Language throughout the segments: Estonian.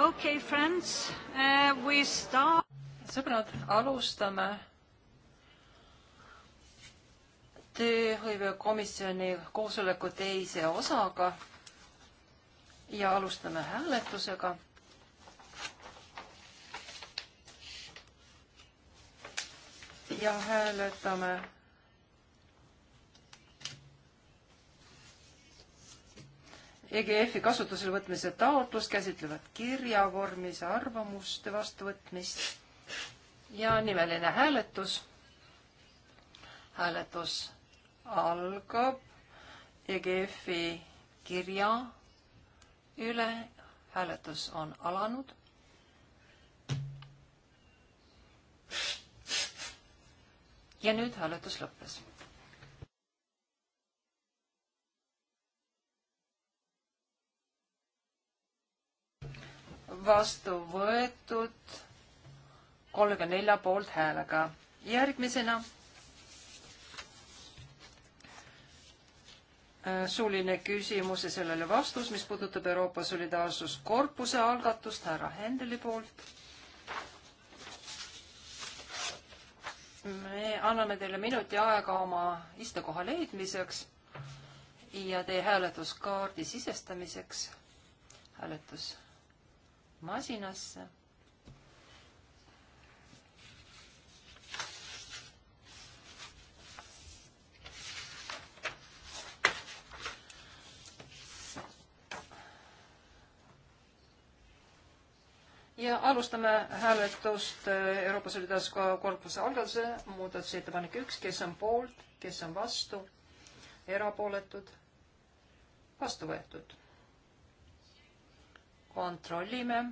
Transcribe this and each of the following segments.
okei okay,, friends uh,, we start. sõbrad, alustame tööhõivekomisjoni koosoleku teise osaga ja alustame hääletusega. ja hääletame EGF-i kasutusele võtmise taotlus käsitlevad kirjavormis arvamuste vastuvõtmist ja nimeline hääletus. hääletus algab EGF-i kirja üle. hääletus on alanud. ja nüüd hääletus lõppes vastu võetud kolmekümne nelja poolthäälega. järgmisena äh, suuline küsimus ja sellele vastus, mis puudutab Euroopa Solidaarsuskorpuse algatust härra Hendeli poolt. me anname teile minuti aega oma istekoha leidmiseks ja teie hääletuskaardi sisestamiseks. hääletus masinasse. ja alustame hääletust äh, Euroopa Solidaarsuskorpuse algatuse muudatusettepanek üks, kes on poolt, kes on vastu, erapooletud, vastu võetud kontrollime.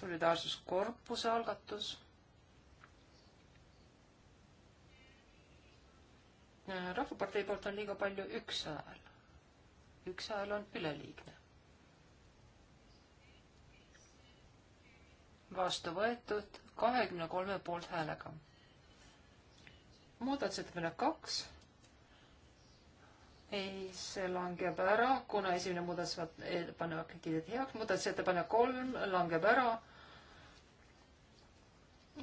solidaarsuskorpuse algatus. rahvapartei poolt on liiga palju üks hääl. üks hääl on üleliigne. vastu võetud kahekümne kolme poolthäälega. muudatusettepanek kaks ei, see langeb ära, kuna esimene muudatusettepanek eh, kiideti heaks, muudatusettepanek kolm langeb ära.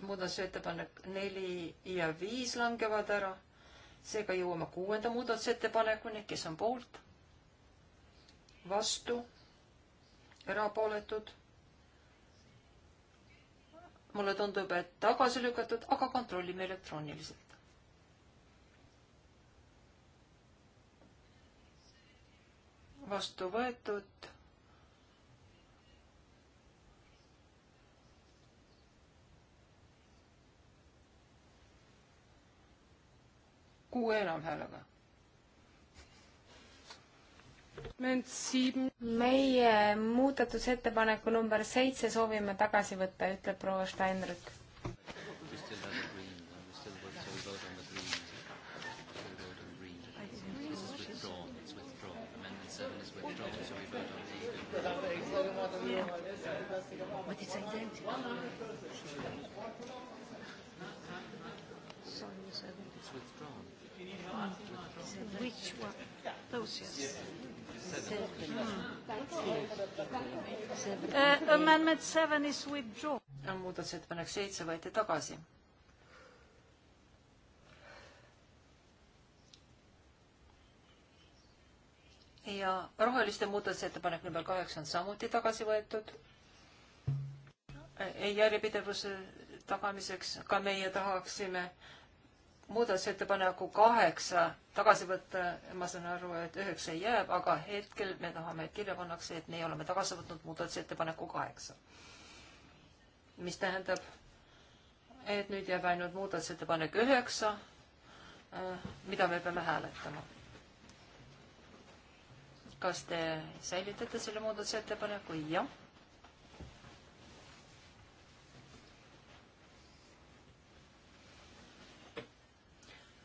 muudatusettepanek neli ja viis langevad ära. seega jõuame kuuenda muudatusettepanekuni, kes on poolt, vastu, erapooletud. mulle tundub, et tagasi lükatud, aga kontrollime elektrooniliselt. vastu võetud. kuue enamhäälega. meie muudatusettepaneku number seitse soovime tagasi võtta, ütleb proua Steinrück what? Those, yes. Mm. Uh, amendment seven is withdrawn. muudatusettepanek seitse võeti tagasi. ja roheliste muudatusettepanek number kaheksa on samuti tagasi võetud. järjepidevuse tagamiseks ka meie tahaksime äh, muudatusettepaneku kaheksa tagasi võtta, ma saan aru, et üheksa jääb, aga hetkel me tahame, et kirja pannakse, et meie oleme tagasi võtnud muudatusettepaneku kaheksa. mis tähendab, et nüüd jääb ainult muudatusettepanek üheksa, äh, mida me peame hääletama. kas te säilitate selle muudatusettepaneku? jah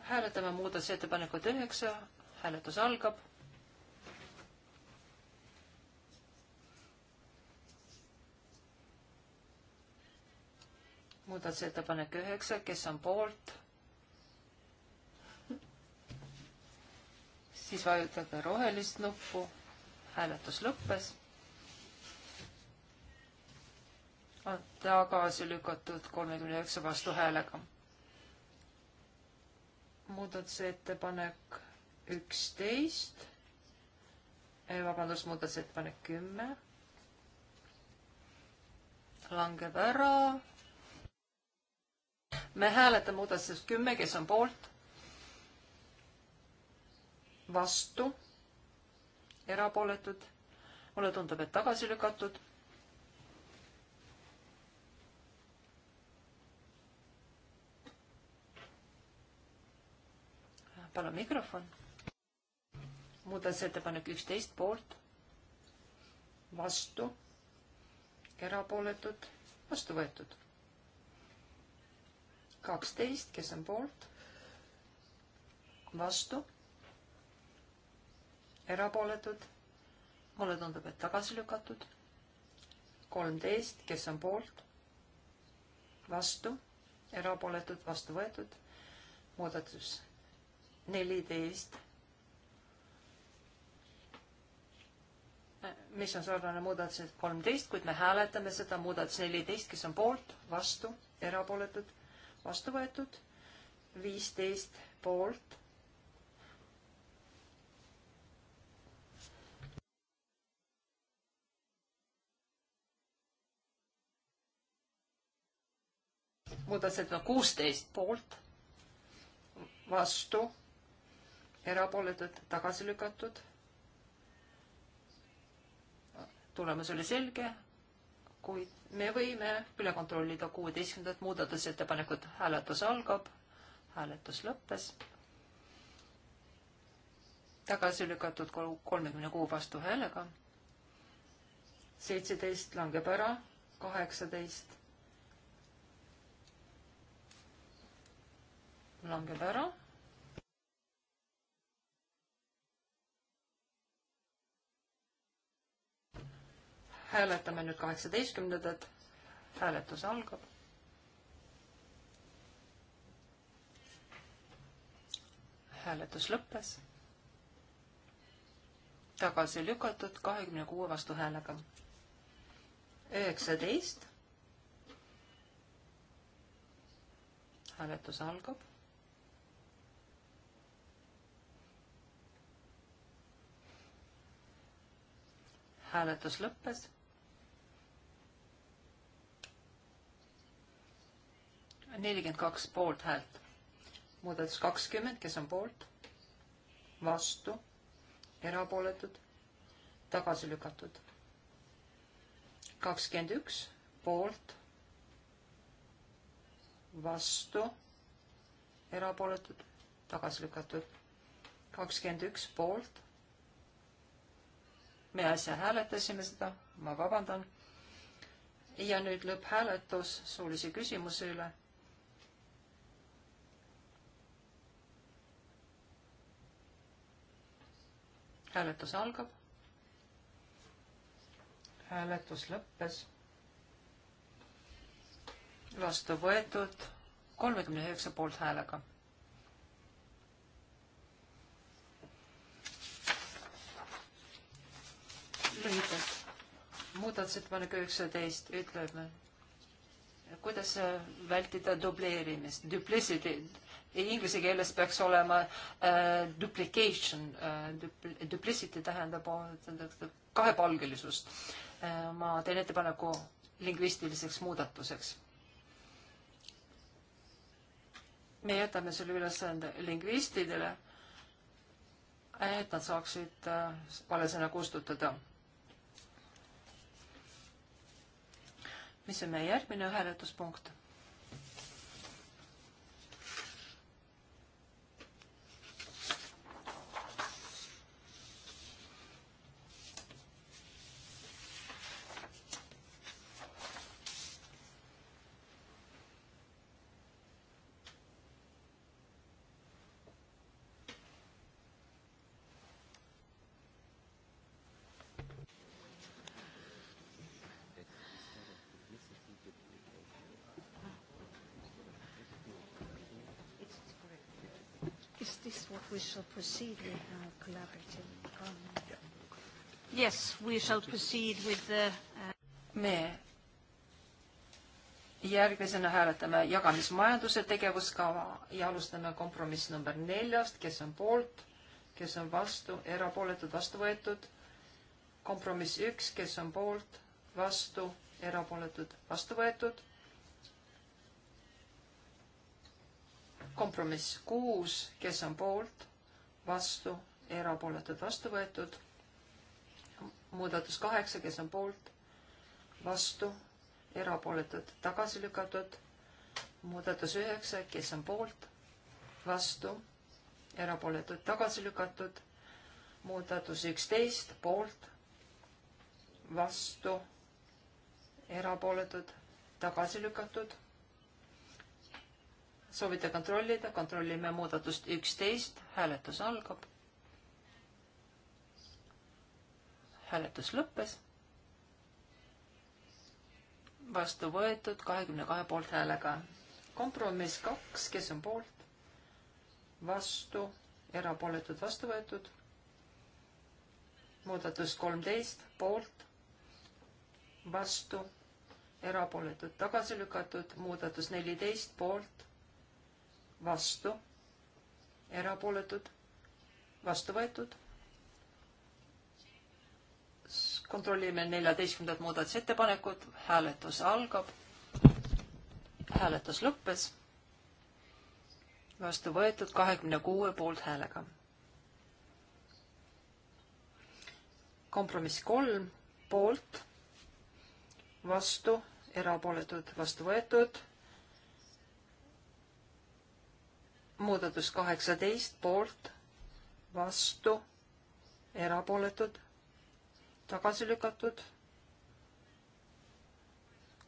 hääletame muudatusettepanekut üheksa, hääletus algab. muudatusettepanek üheksa, kes on poolt? siis vajutage rohelist nuppu, hääletus lõppes. on tagasi lükatud kolmekümne üheksa vastuhäälega muudatusettepanek üksteist, eh, vabandust, muudatusettepanek kümme langeb ära. me hääletame muudatusest kümme, kes on poolt, vastu, erapooletud, mulle tundub, et tagasi lükatud palun mikrofon. muudatusettepanek üksteist poolt, vastu, erapooletud, vastu võetud. kaksteist, kes on poolt, vastu, erapooletud, mulle tundub, et tagasi lükatud. kolmteist, kes on poolt, vastu, erapooletud, vastu võetud, muudatus neliteist, mis on sarnane muudatused kolmteist, kuid me hääletame seda muudatus neliteist, kes on poolt, vastu, erapooletud, vastu võetud, viisteist poolt muudatusettepanek kuusteist poolt, vastu, erapooletud, tagasi lükatud. tulemus oli selge, kuid me võime üle kontrollida kuueteistkümnendat muudatusettepanekut. hääletus algab, hääletus lõppes. tagasi lükatud kolmekümne kuue vastuhäälega. seitseteist langeb ära, kaheksateist langeb ära hääletame nüüd kaheksateistkümnendat. hääletus algab. hääletus lõppes. tagasi lükatud kahekümne kuue vastuhäälega. üheksateist. hääletus algab. hääletus lõppes nelikümmend kaks poolthäält. muudatus kakskümmend, kes on poolt, vastu, erapooletud, tagasi lükatud. kakskümmend üks poolt, vastu, erapooletud, tagasi lükatud. kakskümmend üks poolt. me äsja hääletasime seda, ma vabandan. ja nüüd lõpphääletus suulise küsimuse üle hääletus algab. hääletus lõppes. vastu võetud kolmekümne üheksa poolthäälega. lühidalt, muudatusettepanek üheksateist ütleb, kuidas vältida dubleerimist, duplicity inglise keeles peaks olema äh, duplication äh, dupl, duplicity tähendab kahepalgelisust äh,. ma teen ettepaneku lingvistiliseks muudatuseks. me jätame selle ülesande lingvistidele, et nad saaksid äh, valesõna kustutada. mis on meie järgmine hääletuspunkt proceed with our collaborative parliament? Yes, we shall proceed with the... Uh, Me järgmisena hääletame jagamismajanduse tegevuskava ja alustame kompromiss number neljast, kes on poolt, kes on vastu, erapooletud, vastu võetud. kompromiss üks, kes on poolt, vastu, erapooletud, vastu võetud. kompromiss kuus, kes on poolt, vastu, erapooletud, vastu võetud. muudatus kaheksa, kes on poolt, vastu, erapooletud, tagasi lükatud. muudatus üheksa, kes on poolt, vastu, erapooletud, tagasi lükatud. muudatus üksteist, poolt, vastu, erapooletud, tagasi lükatud soovite kontrollida, kontrollime muudatust üksteist, hääletus algab. hääletus lõppes. vastu võetud kahekümne kahe poolthäälega. kompromiss kaks, kes on poolt, vastu, erapooletud, vastu võetud. muudatus kolmteist, poolt, vastu erapooletud tagasi lükatud, muudatus neliteist poolt, vastu, erapooletud, vastu võetud. kontrollime neljateistkümnendat muudatusettepanekut, hääletus algab, hääletus lõppes, vastu võetud kahekümne kuue poolthäälega. kompromiss kolm poolt, vastu, erapooletud, vastu võetud muudatus kaheksateist poolt, vastu, erapooletud, tagasi lükatud.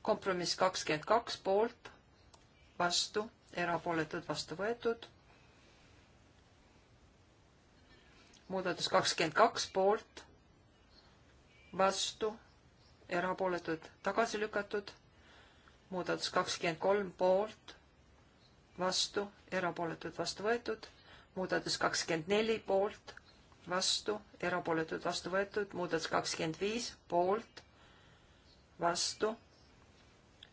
kompromiss kakskümmend kaks poolt, vastu, erapooletud, vastu võetud. muudatus kakskümmend kaks poolt, vastu, erapooletud, tagasi lükatud. muudatus kakskümmend kolm poolt vastu, erapooletud, vastu võetud. muudatus kakskümmend neli poolt, vastu, erapooletud, vastu võetud. muudatus kakskümmend viis poolt, vastu,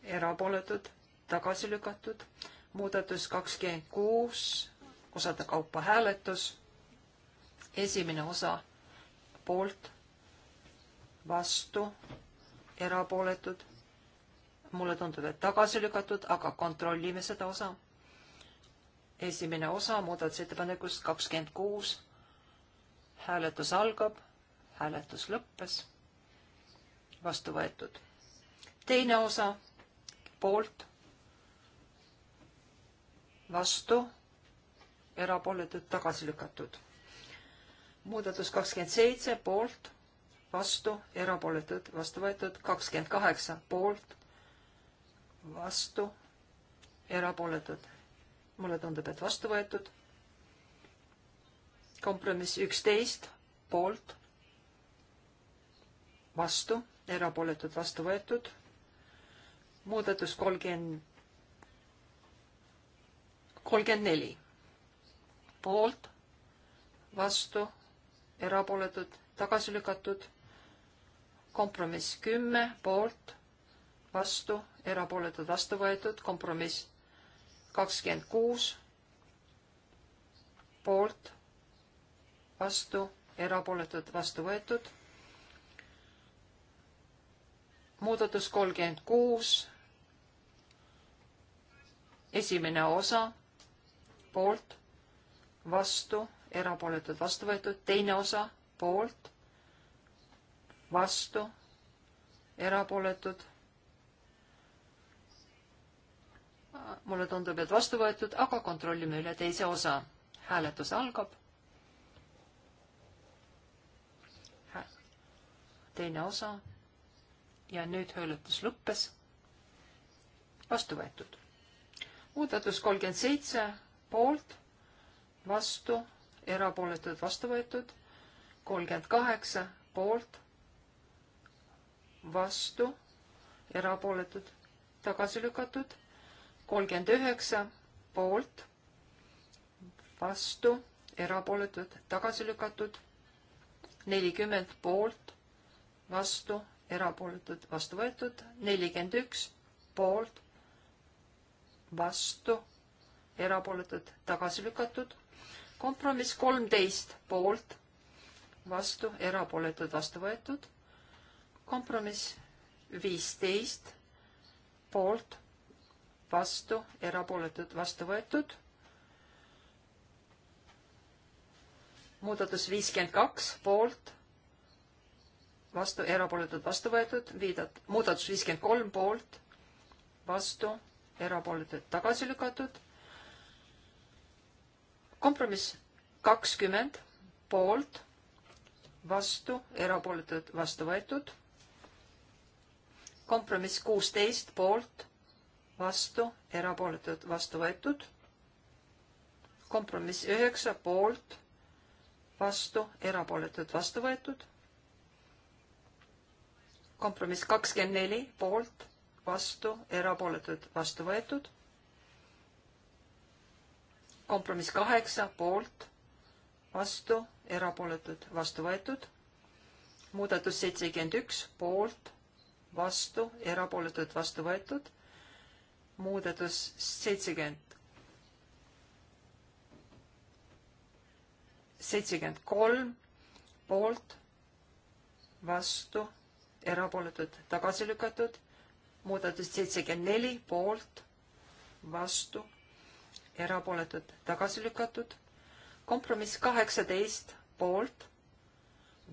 erapooletud, tagasi lükatud. muudatus kakskümmend kuus, osade kaupa hääletus. esimene osa poolt, vastu, erapooletud mulle tundub, et tagasi lükatud, aga kontrollime seda osa esimene osa muudatusettepanekust kakskümmend kuus. hääletus algab, hääletus lõppes, vastu võetud. teine osa poolt, vastu, erapooletud, tagasi lükatud. muudatus kakskümmend seitse poolt, vastu, erapooletud, vastu võetud, kakskümmend kaheksa poolt, vastu, erapooletud mulle tundub, et vastu võetud. kompromiss üksteist poolt, vastu, erapooletud, vastu võetud. muudatus kolmkümmend, kolmkümmend neli poolt, vastu, erapooletud, tagasi lükatud. kompromiss kümme poolt, vastu, erapooletud, vastu võetud, kompromiss kakskümmend kuus poolt, vastu, erapooletud, vastu võetud. muudatus kolmkümmend kuus, esimene osa poolt, vastu, erapooletud, vastu võetud, teine osa poolt, vastu, erapooletud, mulle tundub, et vastu võetud, aga kontrollime üle teise osa. hääletus algab. teine osa ja nüüd hääletus lõppes. vastu võetud. muudatus kolmkümmend seitse poolt, vastu, erapooletud, vastu võetud, kolmkümmend kaheksa poolt, vastu, erapooletud, tagasi lükatud kolmkümmend üheksa poolt, vastu, erapooletud, tagasi lükatud, nelikümmend poolt, vastu, erapooletud, vastu võetud, nelikümmend üks poolt, vastu, erapooletud, tagasi lükatud, kompromiss kolmteist poolt, vastu, erapooletud, vastu võetud, kompromiss viisteist poolt vastu, erapooletud, vastu võetud. muudatus viiskümmend kaks poolt, vastu, erapooletud, vastu võetud, viidat-, muudatus viiskümmend kolm poolt, vastu, erapooletud, tagasi lükatud. kompromiss kakskümmend poolt, vastu, erapooletud, vastu võetud. kompromiss kuusteist poolt vastu, erapooletud, vastu võetud. kompromiss üheksa poolt, vastu, erapooletud, vastu võetud. kompromiss kakskümmend neli poolt, vastu, erapooletud, vastu võetud. kompromiss kaheksa poolt, vastu, erapooletud, vastu võetud. muudatus seitsekümmend üks poolt, vastu, erapooletud, vastu võetud muudatus seitsekümmend, seitsekümmend kolm poolt, vastu, erapooletud, tagasi lükatud, muudatus seitsekümmend neli poolt, vastu, erapooletud, tagasi lükatud, kompromiss kaheksateist poolt,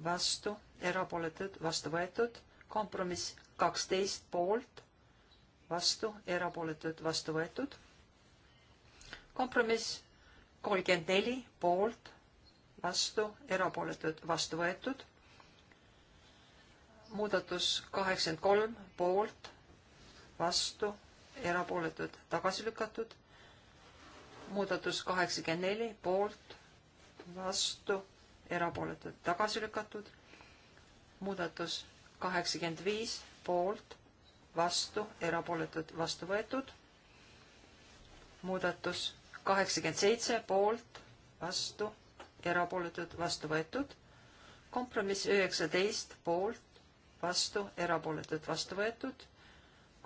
vastu, erapooletud, vastu võetud, kompromiss kaksteist poolt vastu, erapooletud, vastu võetud. kompromiss kolmkümmend neli poolt, vastu, erapooletud, vastu võetud. muudatus kaheksakümmend kolm poolt, vastu, erapooletud, tagasi lükatud. muudatus kaheksakümmend neli poolt, vastu, erapooletud, tagasi lükatud. muudatus kaheksakümmend viis poolt vastu, erapooletud, vastu võetud. muudatus kaheksakümmend seitse poolt, vastu, erapooletud, vastu võetud. kompromiss üheksateist poolt, vastu, erapooletud, vastu võetud.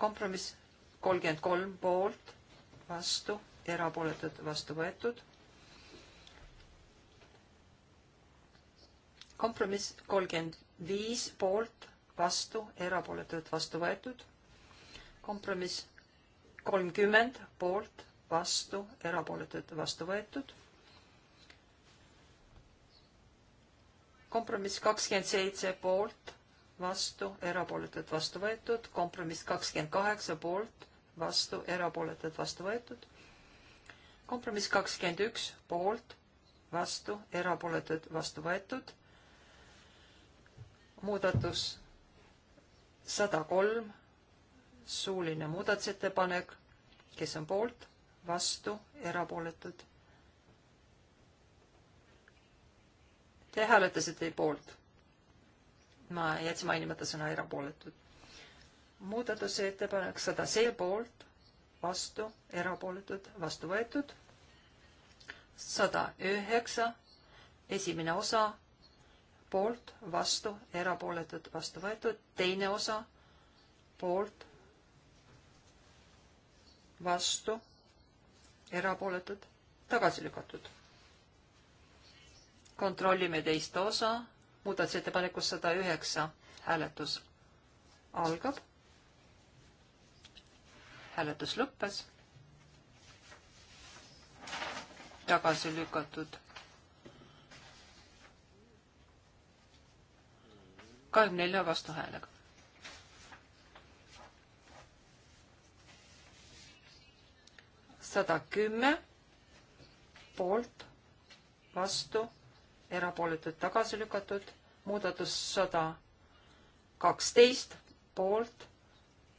kompromiss kolmkümmend kolm poolt, vastu, erapooletud, vastu võetud. kompromiss kolmkümmend viis poolt, vastu, erapooletud, vastu võetud kompromiss kolmkümmend poolt, vastu, erapooletud, vastu võetud. kompromiss kakskümmend seitse poolt, vastu, erapooletud, vastu võetud, kompromiss kakskümmend kaheksa poolt, vastu, erapooletud, vastu võetud. kompromiss kakskümmend üks poolt, vastu, erapooletud, vastu võetud. muudatus sada kolm suuline muudatusettepanek, kes on poolt, vastu, erapooletud. Te hääletasite poolt. ma jätsin mainimata sõna erapooletud. muudatusettepanek sada see poolt, vastu, erapooletud, vastu võetud. sada üheksa, esimene osa, poolt, vastu, erapooletud, vastu võetud, teine osa, poolt, vastu, erapooletud, tagasi lükatud. kontrollime teist osa, muudatusettepanekus sada üheksa, hääletus algab. hääletus lõppes. tagasi lükatud. kahekümne nelja vastuhäälega sada kümme poolt, vastu, erapooletud tagasi lükatud, muudatus sada kaksteist poolt,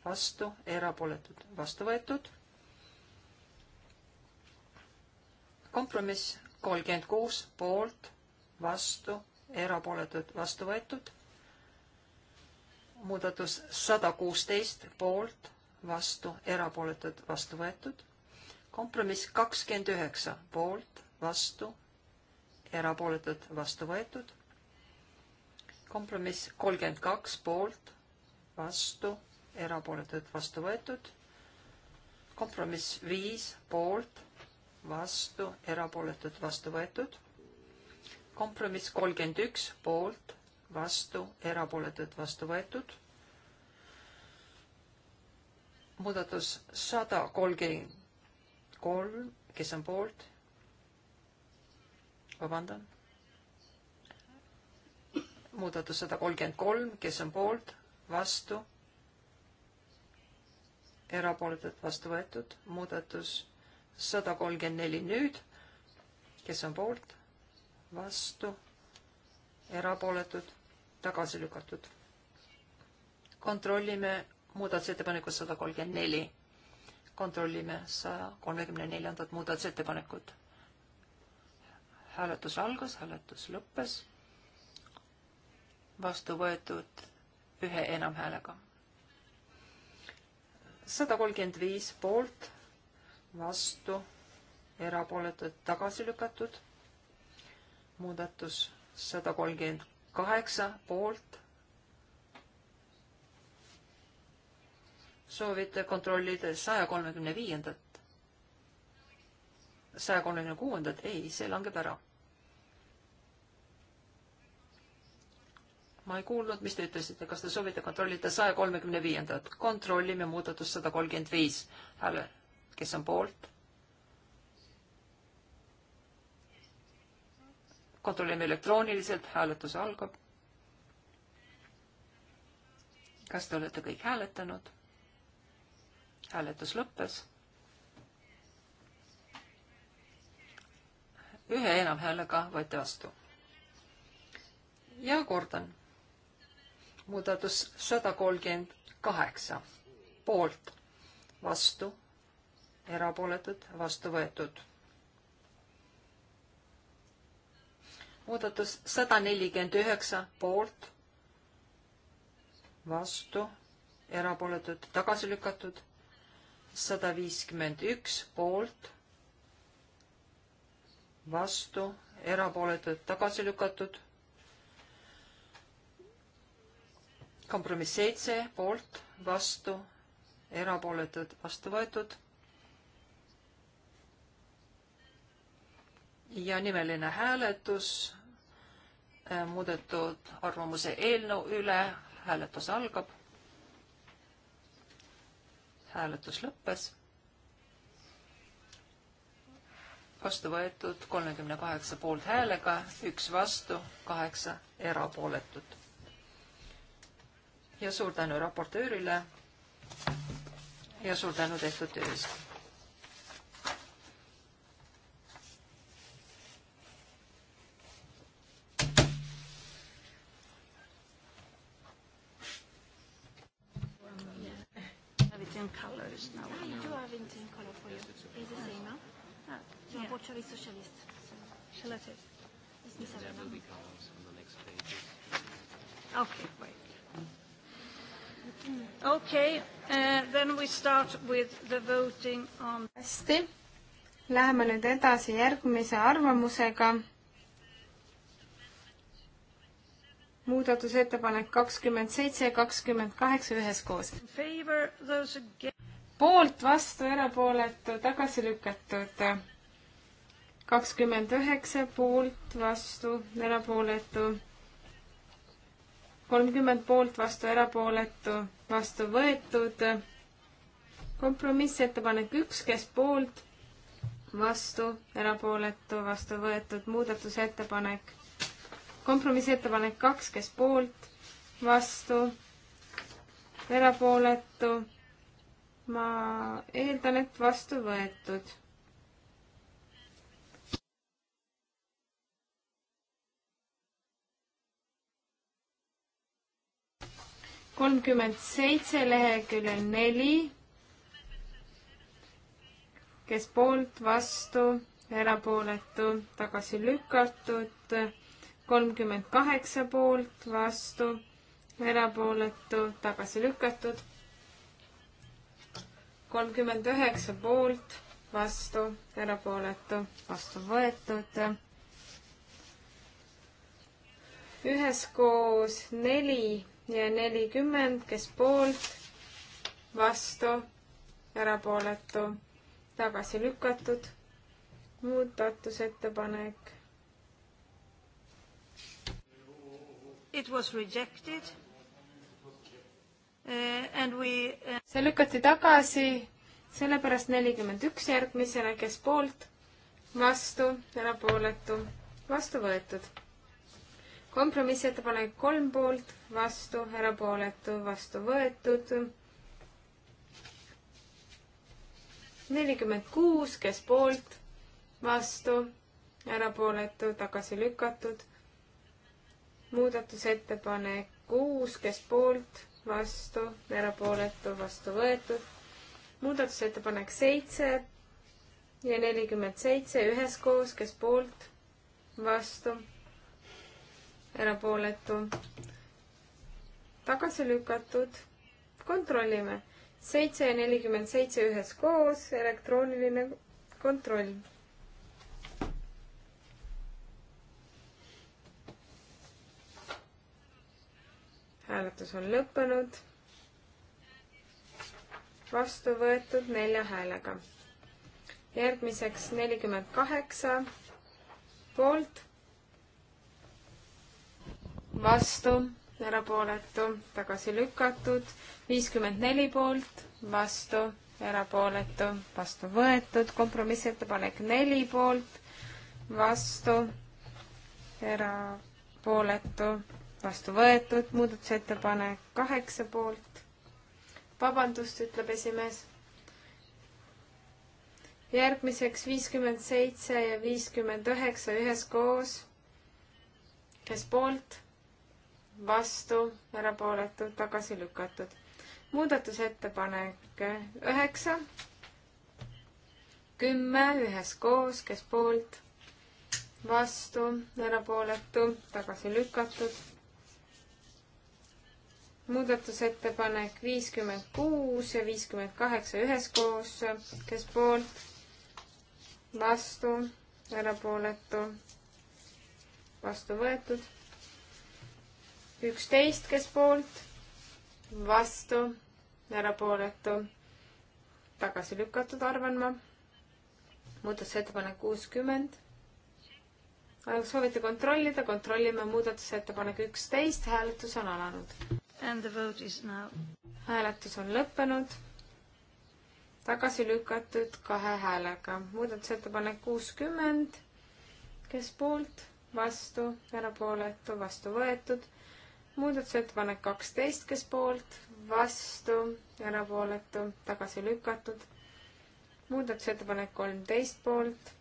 vastu, erapooletud, vastu võetud. kompromiss kolmkümmend kuus poolt, vastu, erapooletud, vastu võetud. muudatus sada kuusteist poolt, vastu, erapooletud, vastu võetud kompromiss kakskümmend üheksa poolt, vastu, erapooletud, vastu võetud. kompromiss kolmkümmend kaks poolt, vastu, erapooletud, vastu võetud. kompromiss viis poolt, vastu, erapooletud, vastu võetud. kompromiss kolmkümmend üks poolt, vastu, erapooletud, vastu võetud. muudatus sada kolmkümmend kolm, kes on poolt? vabandan. muudatus sada kolmkümmend kolm, kes on poolt, vastu? erapooletult vastu võetud, muudatus sada kolmkümmend neli nüüd, kes on poolt, vastu, erapooletud, tagasi lükatud. kontrollime muudatusettepanekut sada kolmkümmend neli kontrollime saja kolmekümne neljandat muudatusettepanekut. hääletus algas, hääletus lõppes. vastu võetud ühe enamhäälega. sada kolmkümmend viis poolt, vastu, erapooletud, tagasi lükatud. muudatus sada kolmkümmend kaheksa poolt soovite kontrollida saja kolmekümne viiendat, saja kolmekümne kuuendat, ei, see langeb ära. ma ei kuulnud, mis te ütlesite, kas te soovite kontrollida saja kolmekümne viiendat, kontrollime muudatust sada kolmkümmend viis hääle, kes on poolt kontrollime elektrooniliselt, hääletus algab. kas te olete kõik hääletanud? hääletus lõppes. ühe enamhäälega võeti vastu. ja kordan. muudatus sada kolmkümmend kaheksa, poolt, vastu, erapooletud, vastu võetud. muudatus sada nelikümmend üheksa, poolt, vastu, erapooletud, tagasi lükatud sada viiskümmend üks poolt, vastu, erapooletud, tagasi lükatud. kompromiss seitse poolt, vastu, erapooletud, vastu võetud. ja nimeline hääletus äh, muudetud arvamuse eelnõu üle, hääletus algab hääletus lõppes. vastu võetud kolmekümne kaheksa poolthäälega, üks vastu, kaheksa erapooletut. ja suur tänu raportöörile ja suur tänu tehtud töö eest culturally socialist. Shall I take? Yes, Mr. That will be covered on the next page. Okay, wait. Okay, uh, then we start with the voting on... hästi, läheme nüüd edasi järgmise arvamusega. muudatusettepanek kakskümmend seitse ja kakskümmend kaheksa üheskoos. poolt, vastu, erapooletu, tagasi lükatud kakskümmend üheksa poolt, vastu, erapooletu. kolmkümmend poolt, vastu, erapooletu, vastu võetud. kompromissettepanek üks, kes poolt, vastu, erapooletu, vastu võetud, muudatusettepanek. kompromissettepanek kaks, kes poolt, vastu, erapooletu. ma eeldan, et vastu võetud kolmkümmend seitse leheküljel neli, kes poolt, vastu, erapooletu, tagasi lükatud, kolmkümmend kaheksa poolt, vastu, erapooletu, tagasi lükatud, kolmkümmend üheksa poolt, vastu, erapooletu, vastu võetud üheskoos neli ja nelikümmend, kes poolt, vastu, erapooletu, tagasi lükatud, muudatusettepanek. It was rejected uh, and we uh.... see lükati tagasi, sellepärast nelikümmend üks järgmisena, kes poolt, vastu, erapooletu, vastu võetud kompromissettepanek kolm poolt, vastu, erapooletu, vastu võetud. nelikümmend kuus, kes poolt, vastu, erapooletu, tagasi lükatud. muudatusettepanek kuus, kes poolt, vastu, erapooletu, vastu võetud. muudatusettepanek seitse ja nelikümmend seitse üheskoos, kes poolt, vastu erapooletu, tagasi lükatud, kontrollime. seitse ja nelikümmend seitse üheskoos, elektrooniline kontroll. hääletus on lõppenud. vastu võetud nelja häälega. järgmiseks nelikümmend kaheksa poolt vastu, erapooletu, tagasi lükatud, viiskümmend neli poolt, vastu, erapooletu, vastu võetud, kompromissettepanek neli poolt, vastu, erapooletu, vastu võetud, muudatusettepanek kaheksa poolt, vabandust, ütleb esimees järgmiseks viiskümmend seitse ja viiskümmend üheksa üheskoos. kes poolt, vastu, erapooletud, tagasi lükatud. muudatusettepanek üheksa, kümme üheskoos, kes poolt, vastu, erapooletu, tagasi lükatud. muudatusettepanek viiskümmend kuus ja viiskümmend kaheksa üheskoos, kes poolt, vastu, erapooletu, vastu võetud üksteist, kes poolt, vastu, erapooletu, tagasi lükatud, arvan ma. muudatusettepanek kuuskümmend. soovite kontrollida, kontrollime muudatusettepanek üksteist, hääletus on alanud. hääletus on lõppenud. tagasi lükatud kahe häälega. muudatusettepanek kuuskümmend, kes poolt, vastu, erapooletu, vastu võetud muudatusettepanek kaksteist, kes poolt, vastu, erapooletu, tagasi lükatud. muudatusettepanek kolmteist poolt,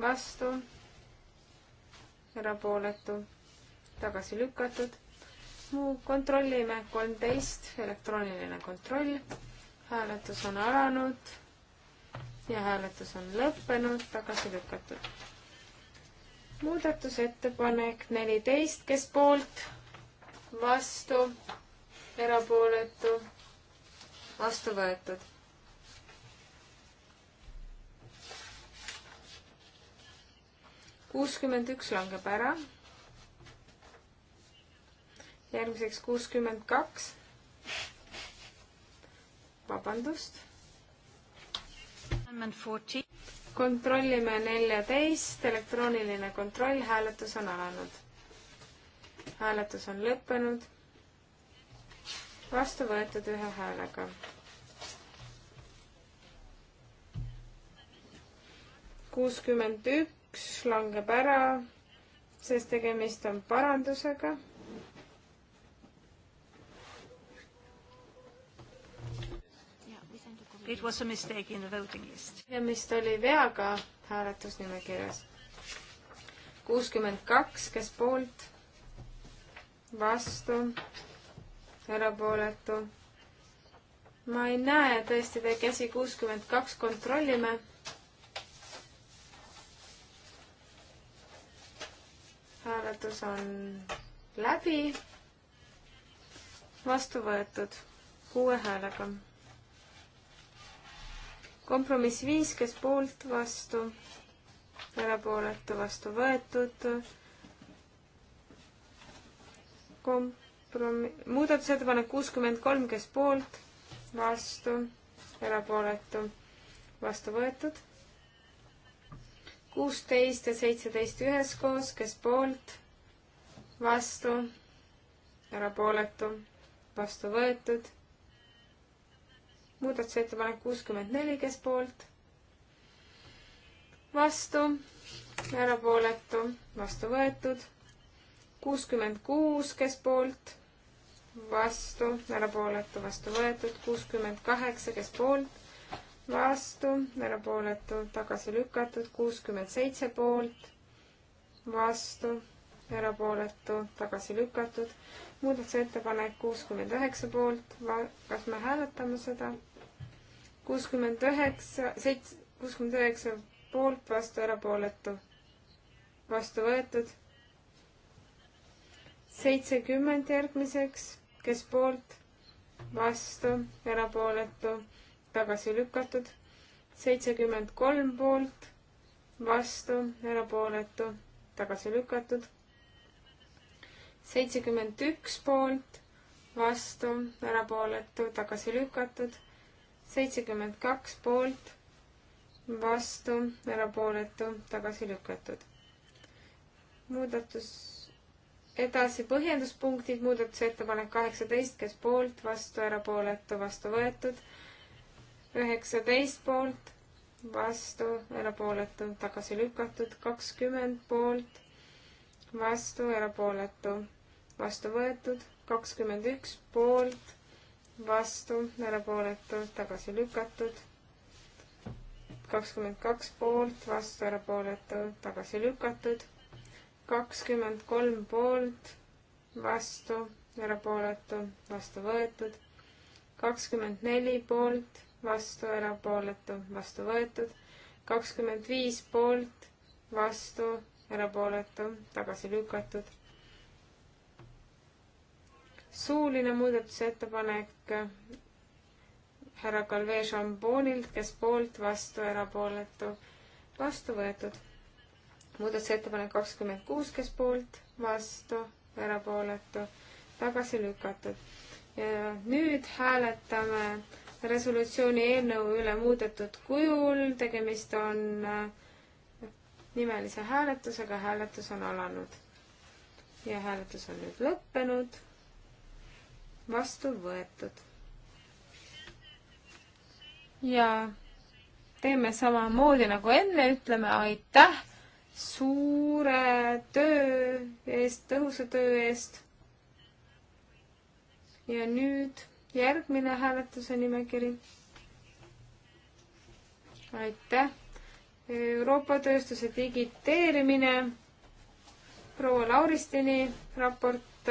vastu, erapooletu, tagasi lükatud. muu kontrollime kolmteist, elektrooniline kontroll. hääletus on alanud ja hääletus on lõppenud, tagasi lükatud muudatusettepanek neliteist, kes poolt, vastu, erapooletu, vastu võetud. kuuskümmend üks langeb ära. järgmiseks kuuskümmend kaks. vabandust kontrollime neljateist, elektrooniline kontroll, hääletus on alanud. hääletus on lõppenud. vastu võetud ühe häälega. kuuskümmend üks langeb ära, sest tegemist on parandusega It was a mistake in the voting list. tegemist oli veaga hääletusnimekirjas. kuuskümmend kaks, kes poolt, vastu, erapooletu. ma ei näe tõesti teie käsi, kuuskümmend kaks, kontrollime hääletus on läbi, vastu võetud kuue häälega kompromiss viis, kes poolt, vastu, erapooletu, vastu võetud. kompromiss, muudatusettepanek kuuskümmend kolm, kes poolt, vastu, erapooletu, vastu võetud. kuusteist ja seitseteist üheskoos, kes poolt, vastu, erapooletu, vastu võetud muudatusettepanek kuuskümmend neli, kes poolt? vastu, erapooletu, vastu võetud. kuuskümmend kuus, kes poolt? vastu, erapooletu, vastu võetud. kuuskümmend kaheksa, kes poolt? vastu, erapooletu, tagasi lükatud. kuuskümmend seitse poolt, vastu, erapooletu, tagasi lükatud muudatusettepanek kuuskümmend üheksa poolt, kas me hääletame seda? kuuskümmend üheksa, seits-, kuuskümmend üheksa poolt, vastu, erapooletu, vastu võetud. seitsekümmend järgmiseks, kes poolt, vastu, erapooletu, tagasi lükatud. seitsekümmend kolm poolt, vastu, erapooletu, tagasi lükatud seitsekümmend üks poolt, vastu, erapooletu, tagasi lükatud, seitsekümmend kaks poolt, vastu, erapooletu, tagasi lükatud. muudatus, edasi põhjenduspunktid, muudatusettepanek kaheksateist, kes poolt, vastu, erapooletu, vastu võetud. üheksateist poolt, vastu, erapooletu, tagasi lükatud, kakskümmend poolt, vastu, erapooletu, vastu võetud, kakskümmend üks poolt vastu, erapooletud, tagasi lükatud. kakskümmend kaks poolt, vastu, erapooletud, tagasi lükatud. kakskümmend kolm poolt, vastu, erapooletu, vastu võetud. kakskümmend neli poolt, vastu, erapooletu, vastu võetud. kakskümmend viis poolt, vastu, erapooletu, tagasi lükatud suuline muudatusettepanek härra Calvee Šambonilt, kes poolt, vastu, erapooletu, vastu võetud. muudatusettepanek kakskümmend kuus, kes poolt, vastu, erapooletu, tagasi lükatud. ja nüüd hääletame resolutsiooni eelnõu üle muudetud kujul, tegemist on äh, nimelise hääletusega, hääletus on alanud. ja hääletus on nüüd lõppenud vastu võetud. ja teeme samamoodi nagu enne, ütleme aitäh suure töö eest, tõhusa töö eest. ja nüüd järgmine hääletuse nimekiri. aitäh. Euroopa tööstuse digiteerimine, proua Lauristini raport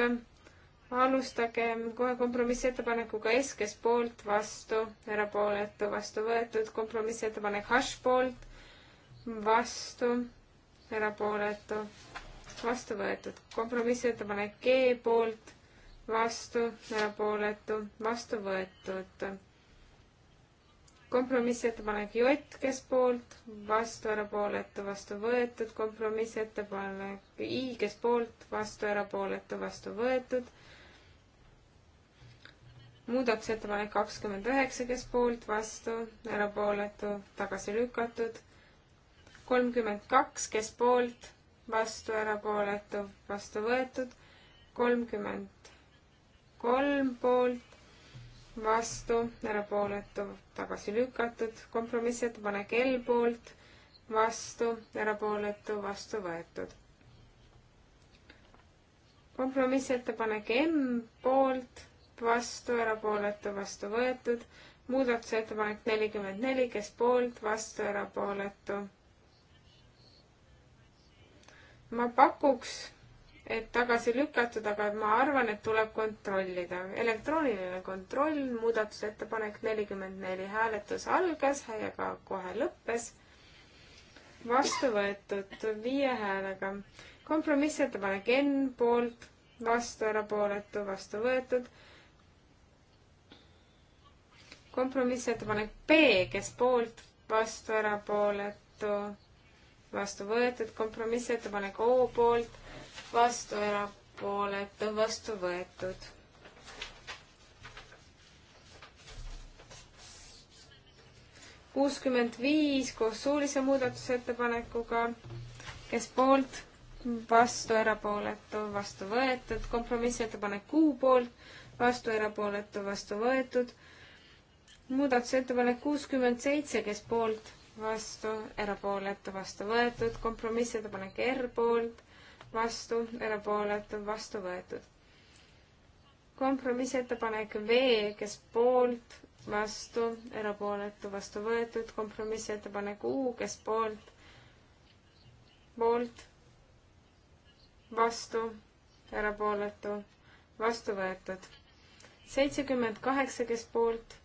alustagem kohe kompromissettepanekuga S, kes poolt, vastu, erapooletu, vastu võetud, kompromissettepanek H poolt, vastu, erapooletu, vastu võetud, kompromissettepanek G poolt, vastu, erapooletu, vastu võetud kompromissettepanek Jott, kes poolt, vastu, erapooletu, vastu võetud, kompromissettepanek I, kes poolt, vastu, erapooletu, vastu võetud, muudatusettepanek kakskümmend üheksa, kes poolt, vastu, erapooletu, tagasi lükatud. kolmkümmend kaks, kes poolt, vastu, erapooletu, vastu võetud. kolmkümmend kolm poolt, vastu, erapooletu, tagasi lükatud. kompromissettepanek L poolt, vastu, erapooletu, vastu võetud. kompromissettepanek M poolt vastu, erapooletu, vastu võetud. muudatusettepanek nelikümmend neli, kes poolt, vastu, erapooletu. ma pakuks, et tagasi lükatud, aga ma arvan, et tuleb kontrollida. elektrooniline kontroll, muudatusettepanek nelikümmend neli, hääletus algas ja ka kohe lõppes. vastu võetud viie häälega. kompromissettepanek N poolt, vastu, erapooletu, vastu võetud kompromissettepanek B, kes poolt, vastu, erapooletu, vastu võetud, kompromissettepanek O poolt, vastu, erapooletu, vastu võetud. kuuskümmend viis koos suulise muudatusettepanekuga, kes poolt, vastu, erapooletu, vastu võetud, kompromissettepanek Q poolt, vastu, erapooletu, vastu võetud muudatusettepanek kuuskümmend seitse, kes poolt, vastu, erapooletu, vastu võetud, kompromissettepanek R poolt, vastu, erapooletu, vastu võetud. kompromissettepanek V, kes poolt, vastu, erapooletu, vastu võetud, kompromissettepanek U, kes poolt, poolt, vastu, erapooletu, vastu võetud. seitsekümmend kaheksa, kes poolt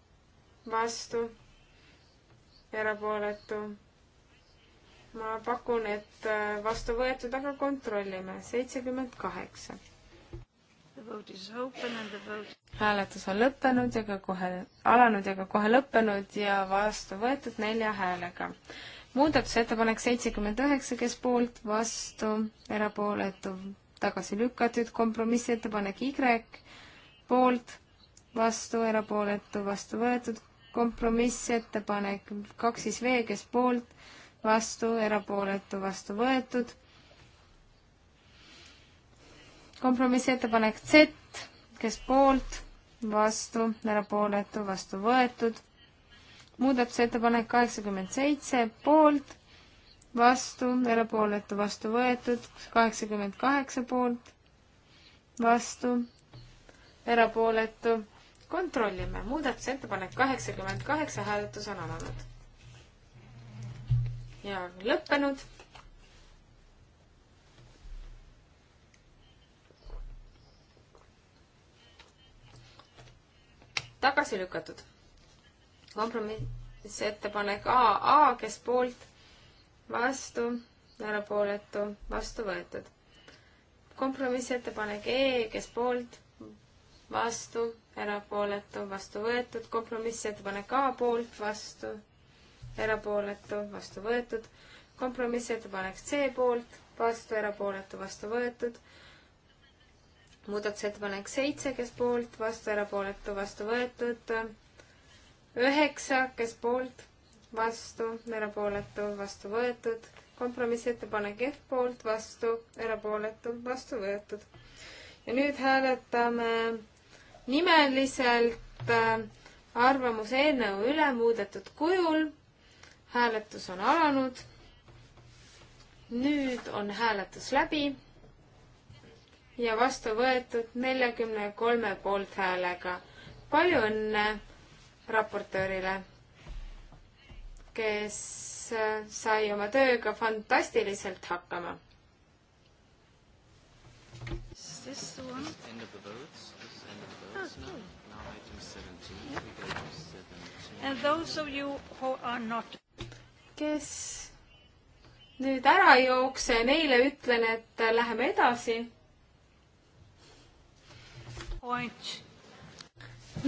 vastu, erapooletu. ma pakun, et äh, vastu võetud, aga kontrollime. seitsekümmend kaheksa. hääletus on lõppenud ja ka kohe, alanud ja ka kohe lõppenud ja vastu võetud nelja häälega. muudatusettepanek seitsekümmend üheksa, kes poolt, vastu, erapooletu, tagasi lükatud, kompromissettepanek Y, poolt, vastu, erapooletu, vastu võetud kompromissettepanek kaks siis V, kes poolt, vastu, erapooletu, vastu võetud. kompromissettepanek Z, kes poolt, vastu, erapooletu, vastu võetud. muudatusettepanek kaheksakümmend seitse, poolt, vastu, erapooletu, vastu võetud, kaheksakümmend kaheksa poolt, vastu, erapooletu kontrollime, muudatusettepanek kaheksakümmend kaheksa, hääletus on alanud. ja lõppenud. tagasi lükatud. kompromissettepanek AA, kes poolt, vastu, erapooletu, vastu võetud. kompromissettepanek E, kes poolt vastu, erapooletu, vastu võetud, kompromissettepanek A poolt, vastu, erapooletu, vastu võetud, kompromissettepanek C poolt, vastu, erapooletu, vastu võetud, muudatusettepanek seitse, kes poolt, vastu, erapooletu, vastu võetud, üheksa, kes poolt, vastu, erapooletu, vastu võetud, kompromissettepanek F poolt, vastu, erapooletu, vastu võetud. ja nüüd hääletame nimeliselt äh, arvamuse eelnõu üle muudetud kujul. hääletus on alanud. nüüd on hääletus läbi ja vastu võetud neljakümne kolme poolthäälega. palju õnne raportöörile, kes äh, sai oma tööga fantastiliselt hakkama. Is this the one? End of the votes. Krishna. Now item 17. Yeah. We go to 17. And those of you who are not... Kes nüüd ära jookse, neile ütlen, et läheme edasi. Point.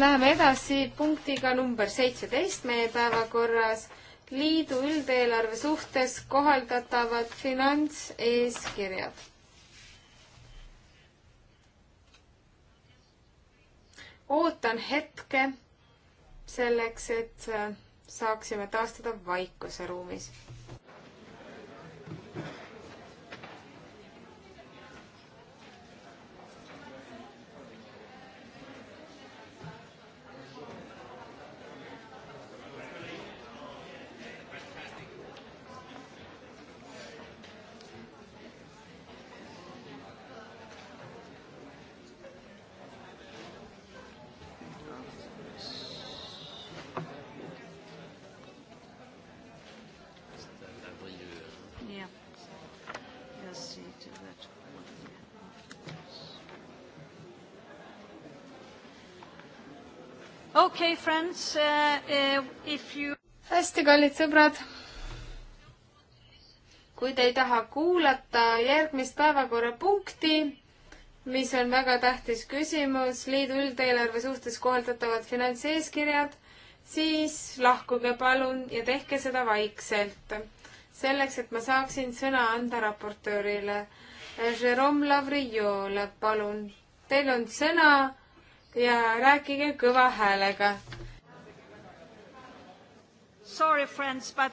Läheme edasi punktiga number seitseteist meie päevakorras. liidu üldeelarve suhtes kohaldatavad finantseeskirjad ootan hetke selleks, et äh, saaksime taastada vaikuse ruumis. okei okay,, friends uh, uh,, if you. hästi, kallid sõbrad. kui te ei taha kuulata järgmist päevakorrapunkti, mis on väga tähtis küsimus, liidu üldeelarve suhtes kohaldatavad finantseeskirjad, siis lahkuge palun ja tehke seda vaikselt. selleks, et ma saaksin sõna anda raportöörile. Jerome Lavriole, palun, teil on sõna ja rääkige kõva häälega. Sorry friends, but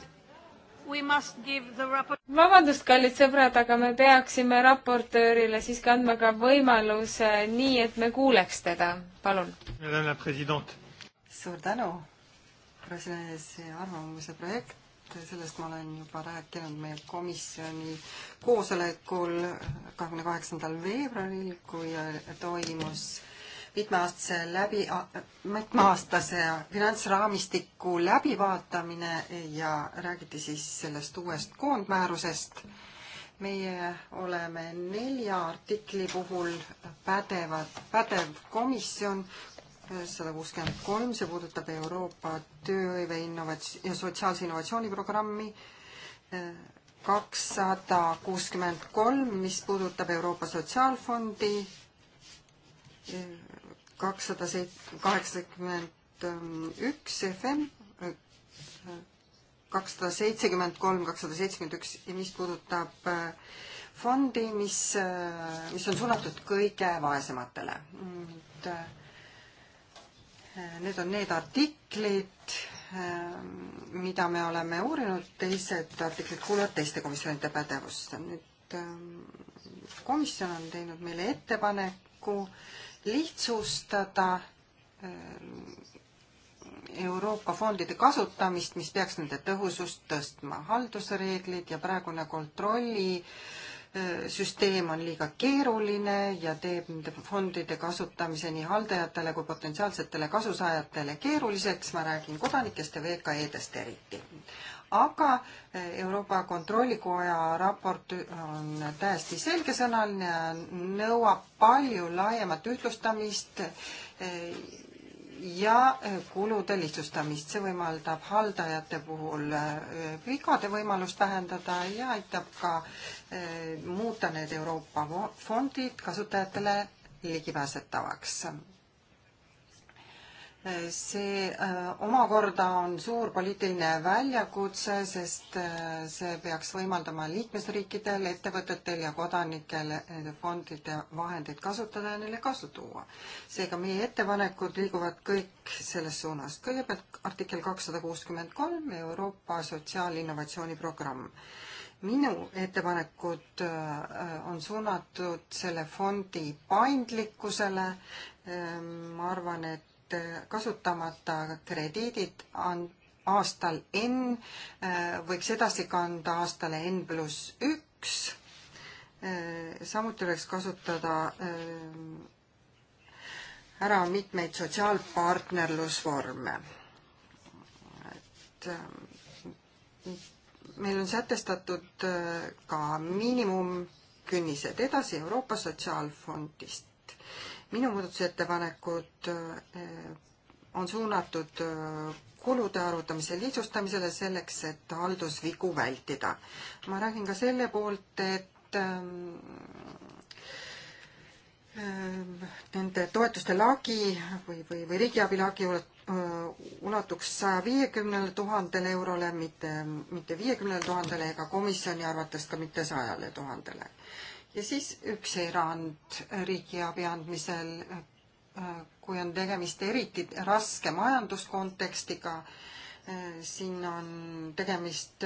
we must give the raport-. vabandust, kallid sõbrad, aga me peaksime raportöörile siiski andma ka võimaluse nii, et me kuuleks teda. palun. suur tänu, presidendi arvamuse projekt sellest ma olen juba rääkinud meil komisjoni koosolekul kahekümne kaheksandal veebruaril, kui toimus mitmeaastase läbi, mitmeaastase finantsraamistiku läbivaatamine ja räägiti siis sellest uuest koondmäärusest. meie oleme nelja artikli puhul pädevad, pädev komisjon, sada kuuskümmend kolm, see puudutab Euroopa tööhõive innovats- ja sotsiaalse innovatsiooni programmi, kakssada kuuskümmend kolm, mis puudutab Euroopa Sotsiaalfondi, kakssada kaheksakümmend üks FM, kakssada seitsekümmend kolm, kakssada seitsekümmend üks, mis puudutab äh, fondi, mis, äh, mis on suunatud kõige vaesematele. et äh, need on need artiklid, mida me oleme uurinud, teised artiklid kuuluvad teiste komisjonide pädevusse. nüüd ähm, komisjon on teinud meile ettepaneku lihtsustada ähm, Euroopa fondide kasutamist, mis peaks nende tõhusust tõstma. haldusreeglid ja praegune kontrolli äh, Äh, süsteem on liiga keeruline ja teeb nende fondide kasutamise nii haldajatele kui potentsiaalsetele kasusaajatele keeruliseks, ma räägin kodanikest ja VKE-dest eriti. aga äh, Euroopa Kontrollikoja raport on täiesti selgesõnaline ja nõuab palju laiemat ühtlustamist äh, ja äh, kulude lihtsustamist. see võimaldab haldajate puhul äh, vigade võimalust vähendada ja aitab ka äh, muuta need Euroopa fondid kasutajatele ligipääsetavaks see äh, omakorda on suur poliitiline väljakutse, sest äh, see peaks võimaldama liikmesriikidel, ettevõtetel ja kodanikel nende äh, fondide vahendeid kasutada ja neile kasu tuua. seega meie ettepanekud liiguvad kõik selles suunas. kõigepealt artikkel kakssada kuuskümmend kolm Euroopa Sotsiaalinnovatsiooni programm minu ettepanekud on suunatud selle fondi paindlikkusele. ma arvan, et Äh, kasutamata krediidid on aastal N, äh, võiks edasi kanda aastale N pluss üks. Äh, samuti oleks kasutada ära mitmeid sotsiaalpartnerlusvorme. et meil on sätestatud ka miinimumkünnised edasi Euroopa Sotsiaalfondist minu muudatusettepanekud eh, on suunatud eh, kulude arvutamise lihtsustamisele selleks, et haldusvigu vältida. ma räägin ka selle poolt, et ehm, eh, nende toetuste lagi või, või, või riigiabi lagi ulatuks saja viiekümnele tuhandele eurole, mitte, mitte viiekümnele tuhandele ega komisjoni arvates ka mitte sajale tuhandele ja siis üks erand riigiabi andmisel, kui on tegemist eriti raske majanduskontekstiga, siin on tegemist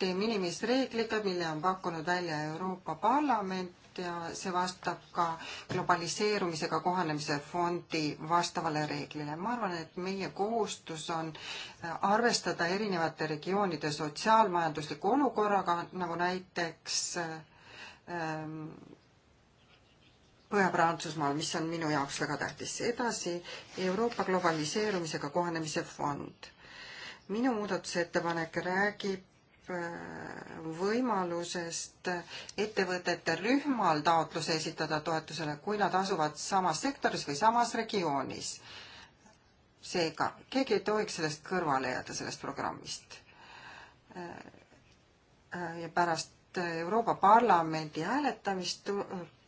de minimis reegliga, mille on pakkunud välja Euroopa Parlament ja see vastab ka globaliseerumisega kohanemise fondi vastavale reeglile. ma arvan, et meie kohustus on arvestada erinevate regioonide sotsiaalmajandusliku olukorraga, nagu näiteks äh, Ähm, Põhja-Prantsusmaal, mis on minu jaoks väga tähtis. edasi Euroopa globaliseerumisega kohanemise fond. minu muudatusettepanek räägib äh, võimalusest ettevõtete rühmal taotluse esitada toetusele, kui nad asuvad samas sektoris või samas regioonis. seega keegi ei tohiks sellest kõrvale jääda, sellest programmist. Äh, äh, ja pärast Euroopa Parlamendi hääletamist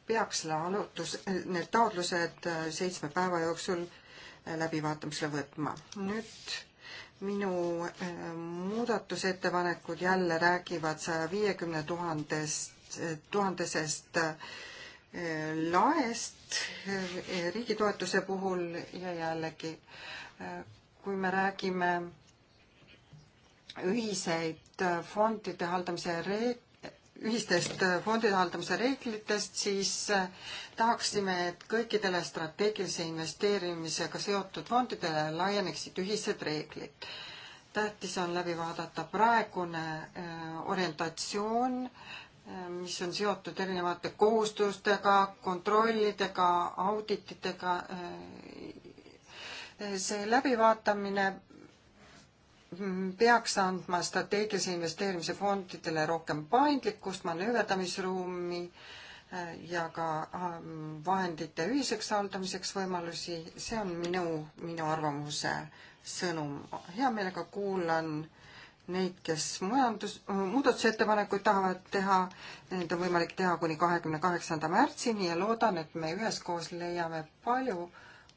peaks alutus, need taotlused seitsme päeva jooksul läbivaatamisele võtma. nüüd minu äh, muudatusettepanekud jälle räägivad saja viiekümne tuhandest, tuhandesest äh, laest äh, riigi toetuse puhul ja jällegi, kui me räägime ühiseid fondide haldamise reeg-, ühistest äh, fondide haldamise reeglitest, siis äh, tahaksime, et kõikidele strateegilise investeerimisega seotud fondidele laieneksid ühised reeglid. tähtis on läbi vaadata praegune äh, orientatsioon, mis on seotud erinevate kohustustega, kontrollidega, audititega see läbivaatamine peaks andma strateegilise investeerimise fondidele rohkem paindlikkust, manööverdamisruumi äh, ja ka ähm, vahendite ühiseks haldamiseks võimalusi, see on minu, minu arvamuse sõnum. hea meelega kuulan neid, kes majandus, muudatusettepanekuid tahavad teha, neid on võimalik teha kuni kahekümne kaheksanda märtsini ja loodan, et me üheskoos leiame palju,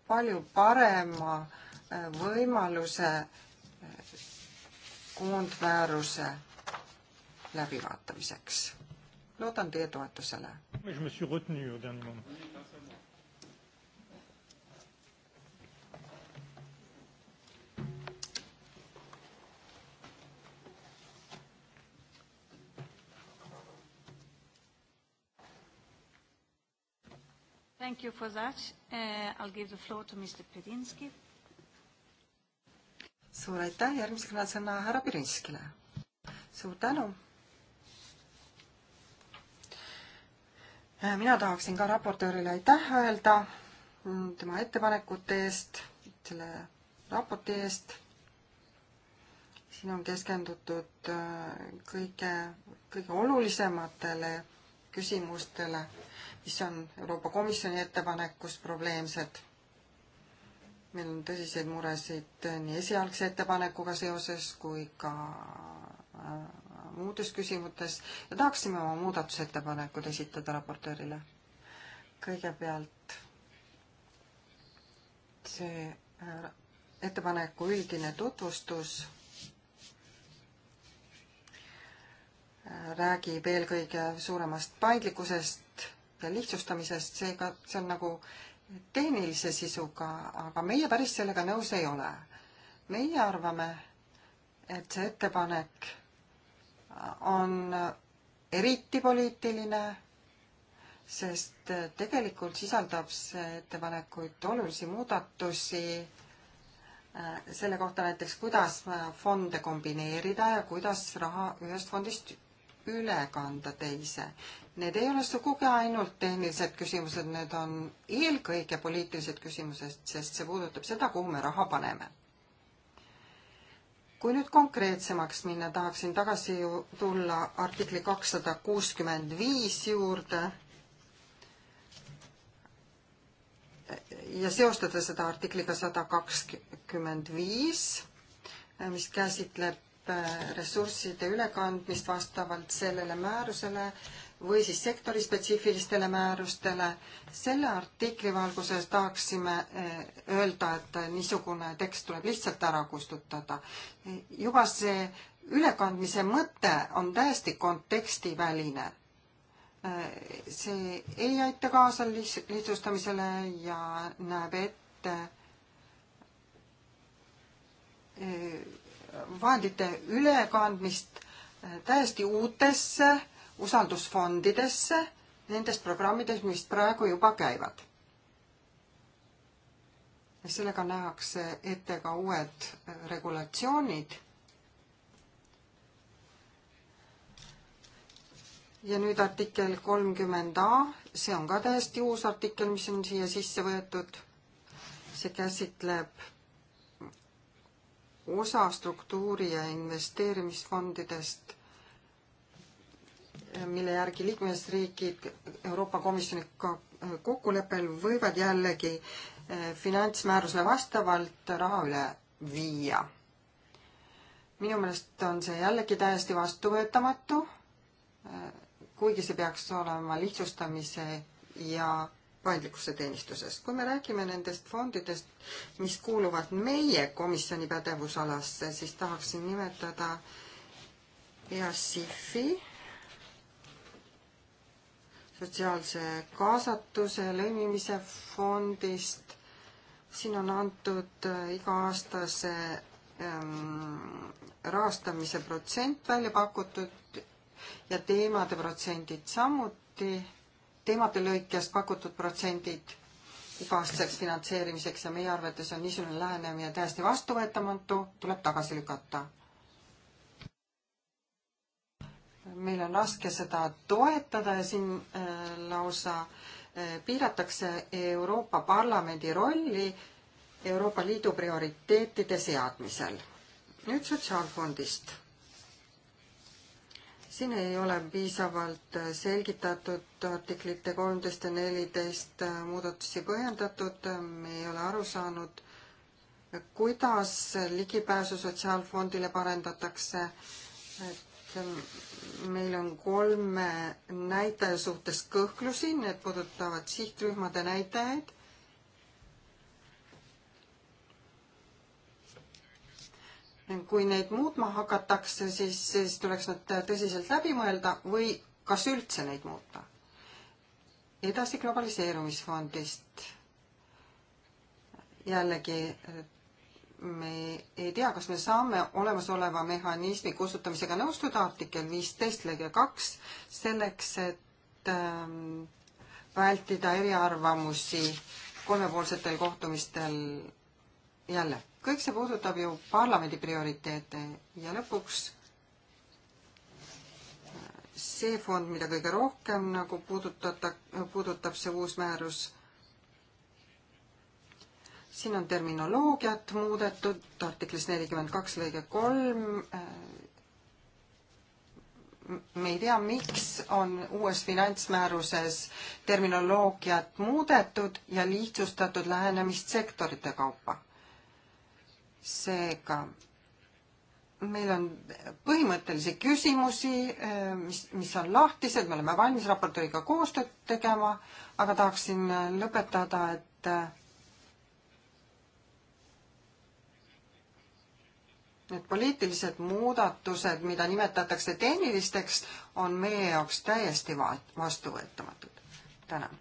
palju parema äh, võimaluse koondmääruse läbivaatamiseks. loodan teie toetusele. Thank you for that. Uh, I'll give the floor to Mr. Pedinsky suur aitäh, järgmiseks annan sõna härra Pirinskile. suur tänu. Äh, mina tahaksin ka raportöörile aitäh öelda tema ettepanekute eest, selle raporti eest. siin on keskendutud äh, kõige, kõige olulisematele küsimustele, mis on Euroopa Komisjoni ettepanekus probleemsed meil on tõsiseid muresid nii esialgse ettepanekuga seoses kui ka äh, muudes küsimustes ja tahaksime oma muudatusettepanekud esitada raportöörile. kõigepealt see äh, ettepaneku üldine tutvustus äh, räägib eelkõige suuremast paindlikkusest ja lihtsustamisest, seega see on nagu tehnilise sisuga, aga meie päris sellega nõus ei ole. meie arvame, et see ettepanek on eriti poliitiline, sest tegelikult sisaldab see ettepanekuid olulisi muudatusi äh, selle kohta näiteks, kuidas fonde kombineerida ja kuidas raha ühest fondist üle kanda teise need ei ole sugugi ainult tehnilised küsimused, need on eelkõige poliitilised küsimused, sest see puudutab seda, kuhu me raha paneme. kui nüüd konkreetsemaks minna, tahaksin tagasi ju tulla artikli kakssada kuuskümmend viis juurde ja seostada seda artikliga sada kakskümmend viis, mis käsitleb Äh, ressursside ülekandmist vastavalt sellele määrusele või siis sektorispetsiifilistele määrustele. selle artikli valguses tahaksime äh, öelda, et äh, niisugune tekst tuleb lihtsalt ära kustutada. juba see ülekandmise mõte on täiesti kontekstiväline. see ei aita kaasa lihtsustamisele ja näeb ette vahendite ülekandmist äh, täiesti uutesse usaldusfondidesse nendes programmides, mis praegu juba käivad. sellega nähakse ette ka uued äh, regulatsioonid. ja nüüd artikkel kolmkümmend A, see on ka täiesti uus artikkel, mis on siia sisse võetud. see käsitleb osa struktuuri- ja investeerimisfondidest, mille järgi liikmesriigid Euroopa Komisjoniga kokkuleppel võivad jällegi eh, finantsmäärusele vastavalt raha üle viia. minu meelest on see jällegi täiesti vastuvõetamatu, eh, kuigi see peaks olema lihtsustamise ja paindlikkuse teenistusest. kui me räägime nendest fondidest, mis kuuluvad meie komisjoni pädevusalasse, siis tahaksin nimetada EASIF-i, sotsiaalse kaasatuse lõimimise fondist, siin on antud äh, iga-aastase ähm, rahastamise protsent välja pakutud ja teemade protsendid samuti teemade lõikes pakutud protsendid igaseks finantseerimiseks ja meie arvates on niisugune lähenemine täiesti vastuvõetamatu, tuleb tagasi lükata. meil on raske seda toetada ja siin äh, lausa äh, piiratakse Euroopa Parlamendi rolli Euroopa Liidu prioriteetide seadmisel. nüüd Sotsiaalfondist siin ei ole piisavalt äh, selgitatud artiklite kolmteist ja neliteist äh, muudatusi põhjendatud, äh, me ei ole aru saanud, kuidas ligipääsu sotsiaalfondile parendatakse, et ähm, meil on kolme näitaja suhtes kõhklusi, need puudutavad sihtrühmade näitajaid kui neid muutma hakatakse, siis, siis tuleks nad tõsiselt läbi mõelda või kas üldse neid muuta. edasi globaliseerumisfondist. jällegi me ei tea, kas me saame olemasoleva mehhanismi kustutamisega nõustuda, artikkel viisteist lõige kaks, selleks et ähm, vältida eriarvamusi kolmepoolsetel kohtumistel jälle, kõik see puudutab ju parlamendi prioriteete ja lõpuks äh, see fond, mida kõige rohkem nagu puudutata, puudutab see uus määrus. siin on terminoloogiat muudetud, artiklis nelikümmend kaks lõige kolm. Äh, me ei tea, miks on uues finantsmääruses terminoloogiat muudetud ja lihtsustatud lähenemist sektorite kaupa seega meil on põhimõttelisi küsimusi, eh, mis, mis on lahtised, me oleme valmis raportööriga koostööd tegema, aga tahaksin lõpetada, et need poliitilised muudatused, mida nimetatakse tehnilisteks, on meie jaoks täiesti va-, vastuvõetamatud. tänan.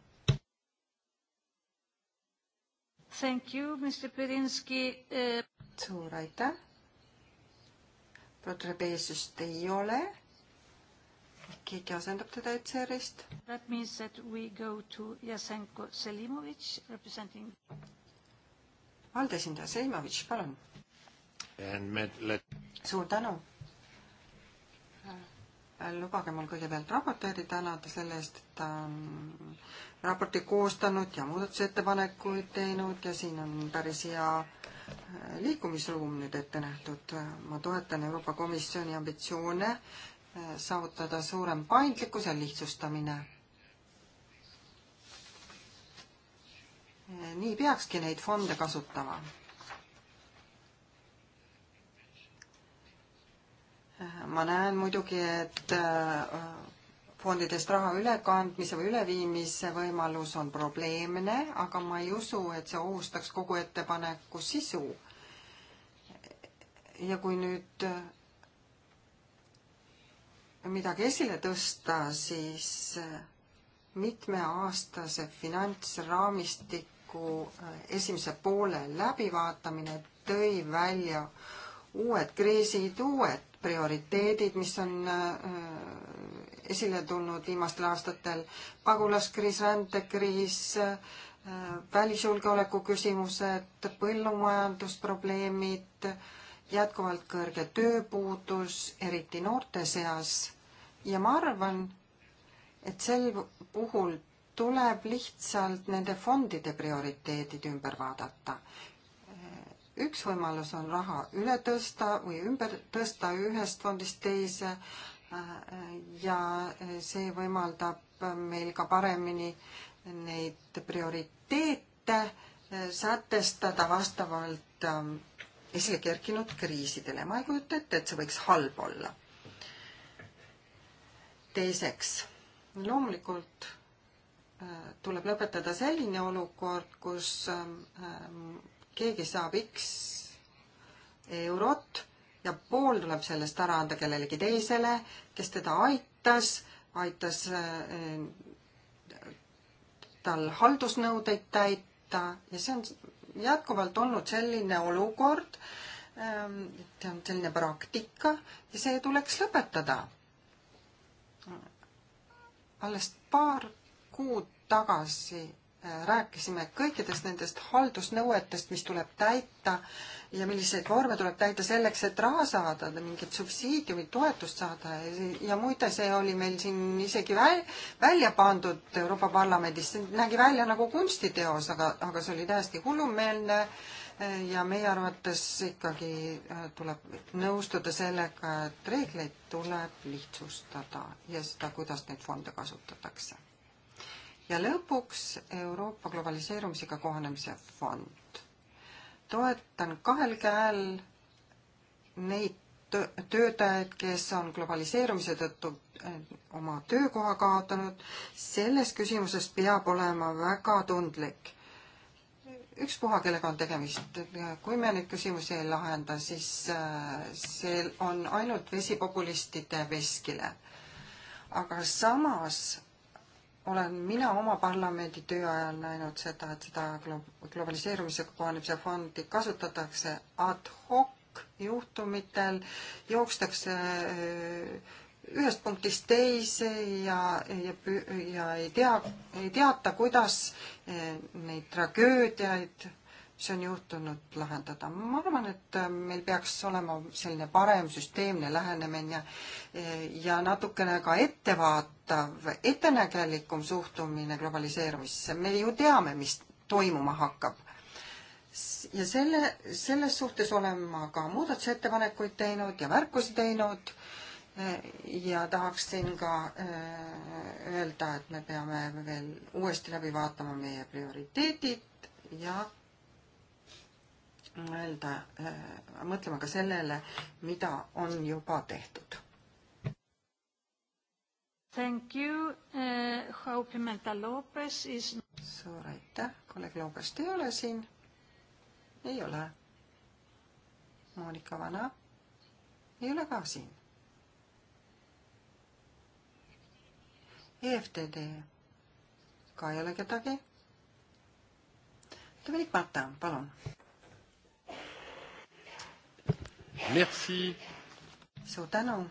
Thank you, Mr Pirinski uh suur aitäh. Protrebeesust ei ole. keegi asendab teda ECR-ist. That means that we go to Jasenko Selimovic representing. valde esindaja Selimovic, palun. Let... suur tänu lubage mul kõigepealt raportööri tänada selle eest, et ta on raporti koostanud ja muudatusettepanekuid teinud ja siin on päris hea liikumisruum nüüd ette nähtud. ma toetan Euroopa Komisjoni ambitsioone äh, saavutada suurem paindlikkus ja lihtsustamine. Äh, nii peakski neid fonde kasutama. Äh, ma näen muidugi, et fondidest raha ülekandmise või üleviimise võimalus on probleemne, aga ma ei usu, et see ohustaks kogu ettepaneku sisu. ja kui nüüd midagi esile tõsta, siis mitmeaastase finantsraamistiku esimese poole läbivaatamine tõi välja uued kriisid, uued prioriteedid, mis on äh, esile tulnud viimastel aastatel. pagulaskriis, rändekriis, äh, välisjulgeoleku küsimused, põllumajandusprobleemid, jätkuvalt kõrge tööpuudus, eriti noorte seas. ja ma arvan, et sel puhul tuleb lihtsalt nende fondide prioriteedid ümber vaadata üks võimalus on raha üle tõsta või ümber tõsta ühest fondist teise, ja see võimaldab meil ka paremini neid prioriteete sätestada vastavalt ähm, esile kerkinud kriisidele. ma ei kujuta ette, et see võiks halb olla. teiseks, loomulikult äh, tuleb lõpetada selline olukord, kus ähm, äh, keegi saab X eurot ja pool tuleb sellest ära anda kellelegi teisele, kes teda aitas, aitas äh, tal haldusnõudeid täita ja see on jätkuvalt olnud selline olukord, ähm, see on selline praktika ja see tuleks lõpetada. alles paar kuud tagasi rääkisime kõikidest nendest haldusnõuetest, mis tuleb täita ja milliseid vorme tuleb täita selleks, et raha saada, mingit subsiidiumi, toetust saada ja muide, see oli meil siin isegi väl, välja pandud Euroopa Parlamendis, see nägi välja nagu kunstiteos, aga, aga see oli täiesti hullumeelne ja meie arvates ikkagi äh, tuleb nõustuda sellega, et reegleid tuleb lihtsustada ja seda, kuidas neid fonde kasutatakse ja lõpuks Euroopa globaliseerumisega kohanemise fond. toetan kahel käel neid töötajaid, kes on globaliseerumise tõttu äh, oma töökoha kaotanud, selles küsimuses peab olema väga tundlik. ükspuha, kellega on tegemist, kui me neid küsimusi ei lahenda, siis äh, see on ainult vesi populistide veskile. aga samas olen mina oma parlamendi töö ajal näinud seda, et seda globaliseerumisega kohanemise fondi kasutatakse ad hoc juhtumitel, jookstakse äh, ühest punktist teise ja, ja, ja ei tea, ei teata, kuidas äh, neid tragöödiaid see on juhtunud lahendada. ma arvan, et äh, meil peaks olema selline parem süsteemne lähenemine ja natukene ka ettevaatav, ettenägelikum suhtumine globaliseerumisse. me ju teame, mis toimuma hakkab. ja selle, selles suhtes olen ma ka muudatusettepanekuid teinud ja märkusi teinud äh, ja tahaksin ka äh, öelda, et me peame veel uuesti läbi vaatama meie prioriteedid ja mõelda, äh, mõtlema ka sellele, mida on juba tehtud. Thank you uh,, Joao Pimenta Lopez is. suur aitäh, kolleeg Lopez ei ole siin. ei ole. Monika Vana ei ole ka siin. EFTD ka ei ole kedagi. Dominik Marta, palun suur tänu.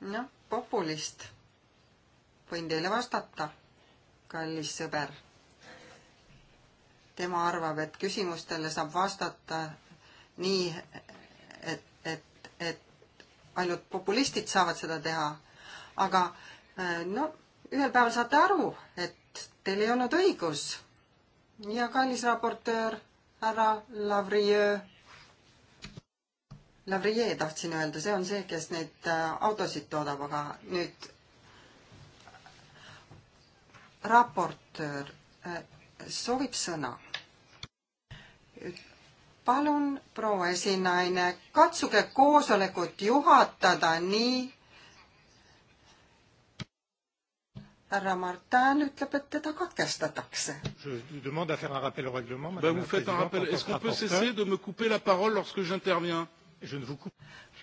noh, populist võin teile vastata, kallis sõber. tema arvab, et küsimustele saab vastata nii, et, et, et ainult populistid saavad seda teha. aga äh, no ühel päeval saate aru, et teil ei olnud õigus. ja kallis raportöör härra Lavrieux Lavrie tahtsin öelda, see on see, kes neid äh, autosid toodab, aga nüüd raportöör äh, soovib sõna. palun, proua esinaine, katsuge koosolekut juhatada nii. härra Martin ütleb, et teda katkestatakse. Bah, vous faites un rappel, est-ce qu'on peut cesser de me couper la parole lorsque j'interviens?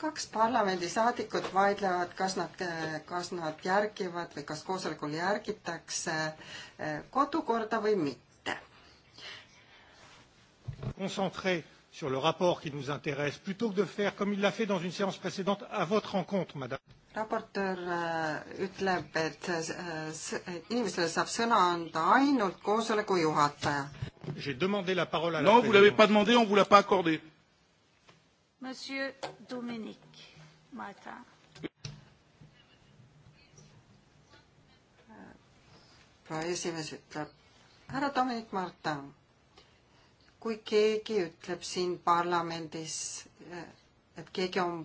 kaks parlamendisaadikut vaidlevad, kas nad, kas nad järgivad või kas koosolekul järgitakse eh, kodukorda või mitte. Concentré sur le rapport qui nous intéresse, plutôt que de faire comme il l'a fait dans une séance précédente à votre rencontre, madame. raportöör eh, ütleb, et eh, inimestele saab sõna anda ainult koosoleku juhataja. Non, vous l'avez pas demandé, on vous l'a pas accordé Monsieur Dominique Martin. proua esimees ütleb, härra Dominic Martin, kui keegi ütleb siin parlamendis, et keegi on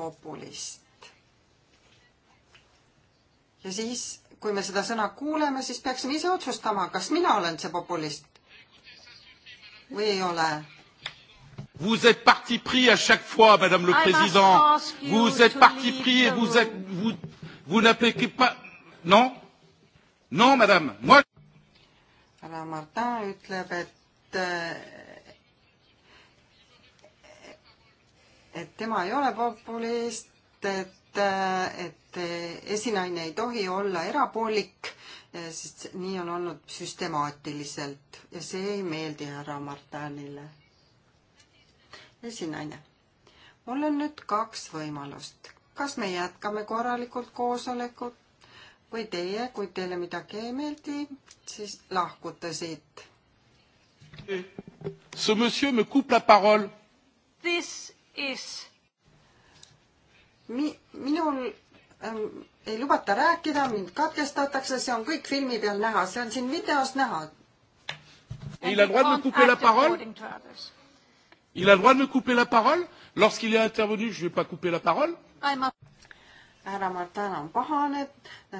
populist ja siis, kui me seda sõna kuuleme, siis peaksime ise otsustama, kas mina olen see populist või ei ole Vous êtes parti pris à chaque fois, Madame le I Président. Vous êtes parti pris et vous êtes vous, vous n'appliquez pas non non, Madame, moi. härra Martin ütleb, et äh, et tema ei ole populist, et, äh, et esinaine ei tohi olla erapoolik, sest nii on olnud süstemaatiliselt ja see ei meeldi härra Martinile esinaine. mul on nüüd kaks võimalust. kas me jätkame korralikult koosolekut või teie, kui teile midagi ei meeldi, siis lahkute siit. Ce monsieur me coupe la parole. This is. Mi-, minul ähm, ei lubata rääkida, mind katkestatakse, see on kõik filmi peal näha, see on siin videos näha. Il a droit de couper la parole? Il a le droit de me couper la parole Lorsqu'il est intervenu, je ne vais pas couper la parole härra Martin on pahane, äh,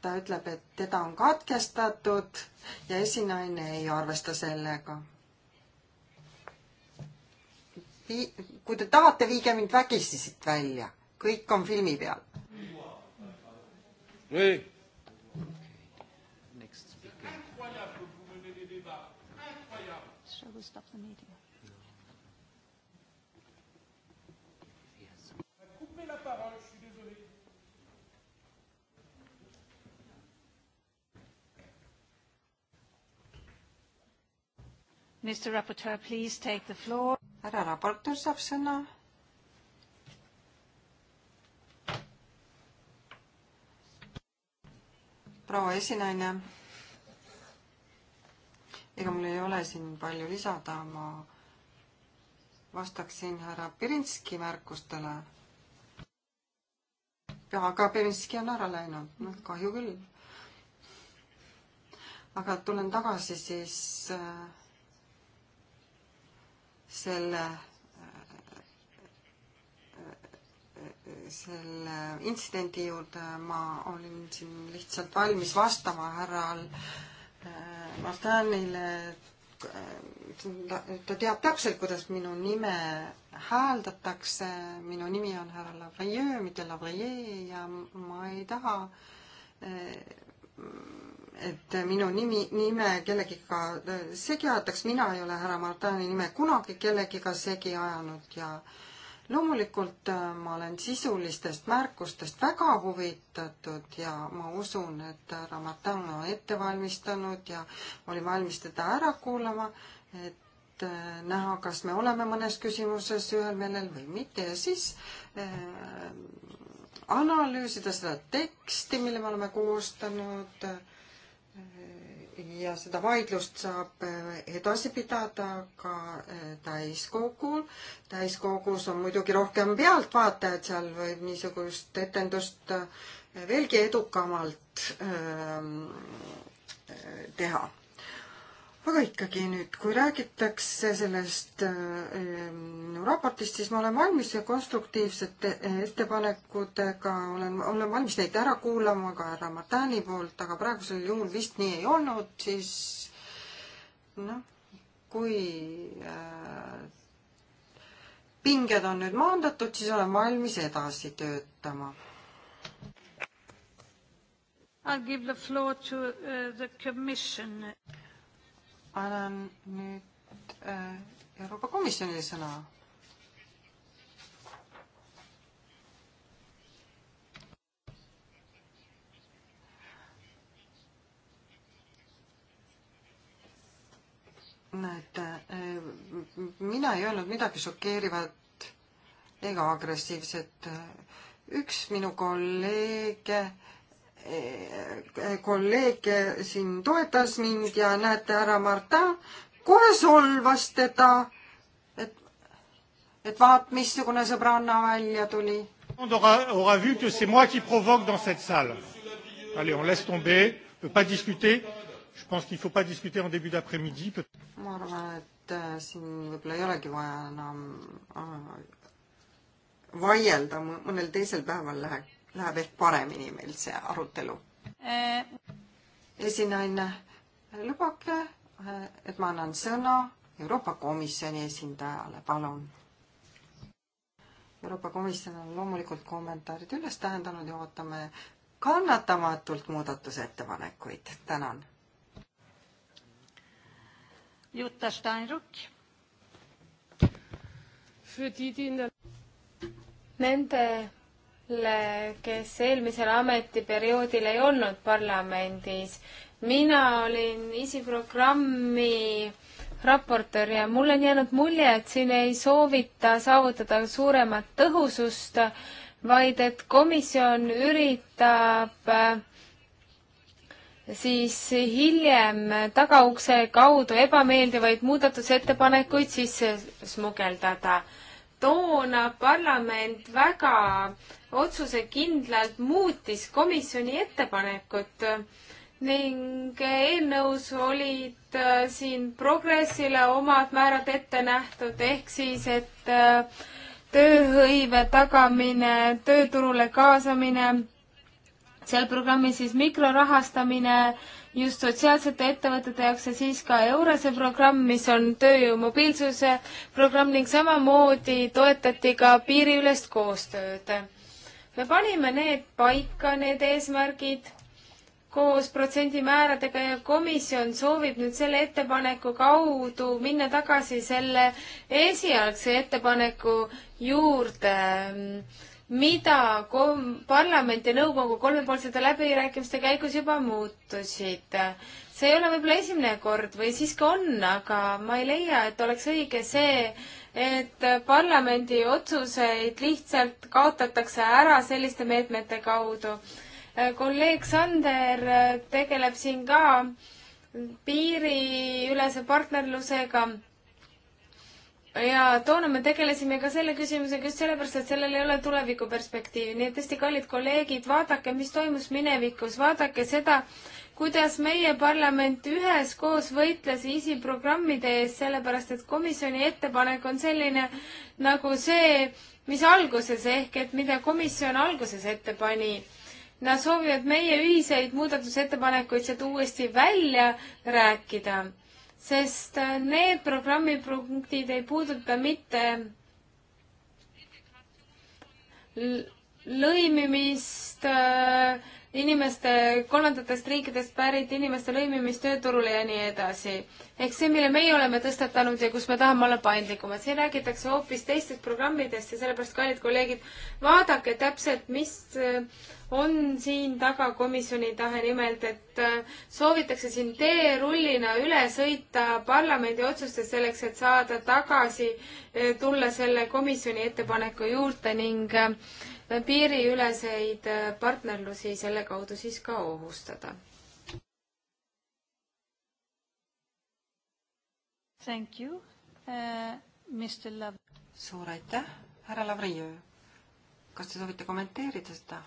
ta ütleb, et teda on katkestatud ja esinaine ei arvesta sellega. Vii-, kui te tahate, viige mind vägisi siit välja, kõik on filmi peal. nii. Shall we stop the meeting? Mr Raportöör, please take the floor. härra raportöör saab sõna. proua esinaine. ega mul ei ole siin palju lisada, ma vastaksin härra Pirinski märkustele. aga Pirinski on ära läinud, noh kahju küll. aga tulen tagasi siis äh, selle selle intsidendi juurde ma olin siin lihtsalt valmis vastama härral Martinile, äh, ta, ta teab täpselt, kuidas minu nime hääldatakse, minu nimi on härra Lavrieux, mitte Lavrier ja ma ei taha äh, et minu nimi, nime kellegiga segi ajataks, mina ei ole härra Martani nime kunagi kellegiga segi ajanud ja loomulikult äh, ma olen sisulistest märkustest väga huvitatud ja ma usun, et härra Martin on ette valmistanud ja olin valmis teda ära kuulama, et äh, näha, kas me oleme mõnes küsimuses ühel meelel või mitte ja siis äh, analüüsida seda teksti, mille me oleme koostanud äh,, ja seda vaidlust saab äh, edasi pidada ka äh, täiskogul. täiskogus on muidugi rohkem pealtvaatajaid, seal võib niisugust etendust äh, veelgi edukamalt ähm, teha aga ikkagi nüüd, kui räägitakse sellest minu äh, äh, raportist, siis ma olen valmis konstruktiivsete äh, ettepanekutega, olen, olen valmis neid ära kuulama ka härra Martani poolt, aga praegusel juhul vist nii ei olnud, siis noh, kui äh, pinged on nüüd maandatud, siis olen valmis edasi töötama. I'll give the floor to uh, the commission annan nüüd äh, Euroopa Komisjonile sõna. näete, äh, mina ei öelnud midagi šokeerivat ega agressiivset. üks minu kolleege äh, Eh, kolleeg siin toetas mind ja näete, härra Martin kohe solvas teda, et, et vaat, missugune sõbranna välja tuli. Aura, aura vu que c'est moi qui provoque dans cette salle. Allez, on laisse tomber, on ne peut pas discuter. Je pense qu'il ne faut pas discuter en début d'après-midi. ma arvan, et äh, siin võib-olla ei olegi vaja enam äh, vaielda, mõnel teisel päeval läheks läheb ehk paremini meil see arutelu. Eh. esinaine, lubage, eh, et ma annan sõna Euroopa Komisjoni esindajale, palun. Euroopa Komisjon on loomulikult kommentaarid üles tähendanud ja ootame kannatamatult muudatusettepanekuid, tänan. Jutta Steinruck. Nende kes eelmisel ametiperioodil ei olnud parlamendis. mina olin ISI programmi raportöör ja mul on jäänud mulje, et siin ei soovita saavutada suuremat tõhusust, vaid et komisjon üritab äh, siis hiljem tagaukse kaudu ebameeldivaid muudatusettepanekuid sisse smugeldada. toona parlament väga otsusekindlalt muutis komisjoni ettepanekut ning eelnõus olid äh, siin progressile omad määrad ette nähtud, ehk siis, et äh, tööhõive tagamine, tööturule kaasamine, seal programmis siis mikrorahastamine just sotsiaalsete ettevõtete jaoks ja siis ka Eurose programm, mis on tööjõu mobiilsuse programm ning samamoodi toetati ka piiriülest koostööd me panime need paika, need eesmärgid koos protsendimääradega ja komisjon soovib nüüd selle ettepaneku kaudu minna tagasi selle esialgse ettepaneku juurde, mida kom-, parlament ja nõukogu kolmepoolsete läbirääkimiste käigus juba muutusid. see ei ole võib-olla esimene kord või siis ka on, aga ma ei leia, et oleks õige see, et parlamendi otsuseid lihtsalt kaotatakse ära selliste meetmete kaudu. kolleeg Sander tegeleb siin ka piiriülese partnerlusega ja toona me tegelesime ka selle küsimusega just sellepärast, et sellel ei ole tulevikuperspektiivi, nii et tõesti, kallid kolleegid, vaadake, mis toimus minevikus, vaadake seda, kuidas meie parlament üheskoos võitles ISI programmide eest, sellepärast et komisjoni ettepanek on selline nagu see, mis alguses ehk et mida komisjon alguses ette pani. Nad soovivad meie ühiseid muudatusettepanekuid sealt uuesti välja rääkida, sest need programmipunktid ei puuduta mitte lõimimist äh, inimeste, kolmandatest riikidest pärit inimeste lõimimist tööturule ja nii edasi. ehk see, mille meie oleme tõstatanud ja kus me tahame olla paindlikumad, siin räägitakse hoopis teistest programmidest ja sellepärast, kallid kolleegid, vaadake täpselt, mis eh, on siin taga komisjoni tahe, nimelt et eh, soovitakse siin teerullina üle sõita parlamendi otsustest selleks, et saada tagasi, eh, tulla selle komisjoni ettepaneku juurde ning piiriüleseid äh, partnerlusi selle kaudu siis ka ohustada. Thank you uh,, Mr Lav-. suur aitäh, härra Lavrijev. kas te soovite kommenteerida seda?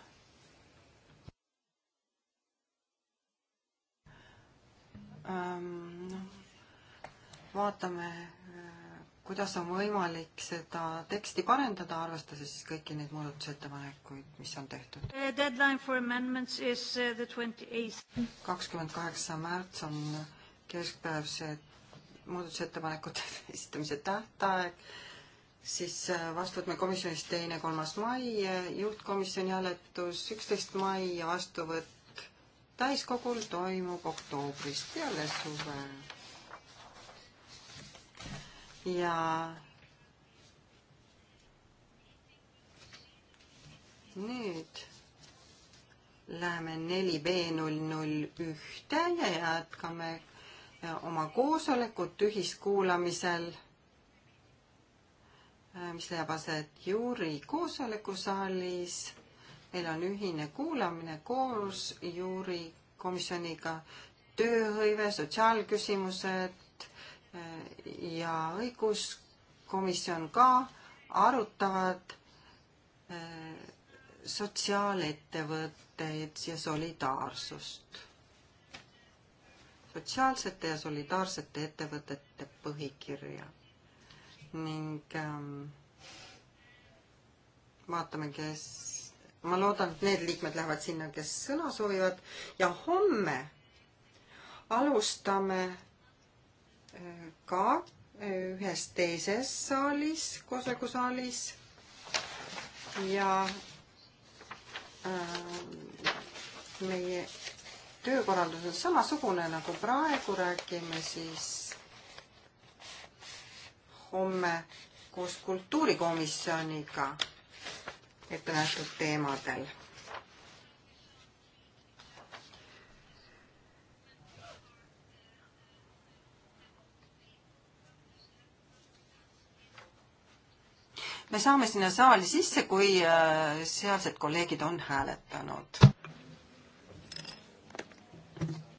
ähm, vaatame kuidas on võimalik seda teksti parendada, arvestades siis kõiki neid muudatusettepanekuid, mis on tehtud. Uh, kakskümmend kaheksa märts on keskpäev, see muudatusettepanekute esitamise tähtaeg, siis uh, vastu võtme komisjonis teine, kolmas mai, juhtkomisjoni hääletus üksteist mai ja vastuvõtt täiskogul toimub oktoobris peale suve ja nüüd läheme 4B001 ja jätkame oma koosolekut ühiskuulamisel, mis leiab aset juuri koosolekusaalis. meil on ühine kuulamine koos juuri komisjoniga, tööhõive, sotsiaalküsimused, ja õiguskomisjon ka arutavad äh, sotsiaalettevõtteid ja solidaarsust. sotsiaalsete ja solidaarsete ettevõtete põhikirja ning ähm, vaatame, kes, ma loodan, et need liikmed lähevad sinna, kes sõna soovivad ja homme alustame ka e, ühes teises saalis, koosolekusaalis ja ähm, meie töökorraldus on samasugune nagu praegu, räägime siis homme koos kultuurikomisjoniga ette nähtud teemadel me saame sinna saali sisse, kui äh, sealsed kolleegid on hääletanud.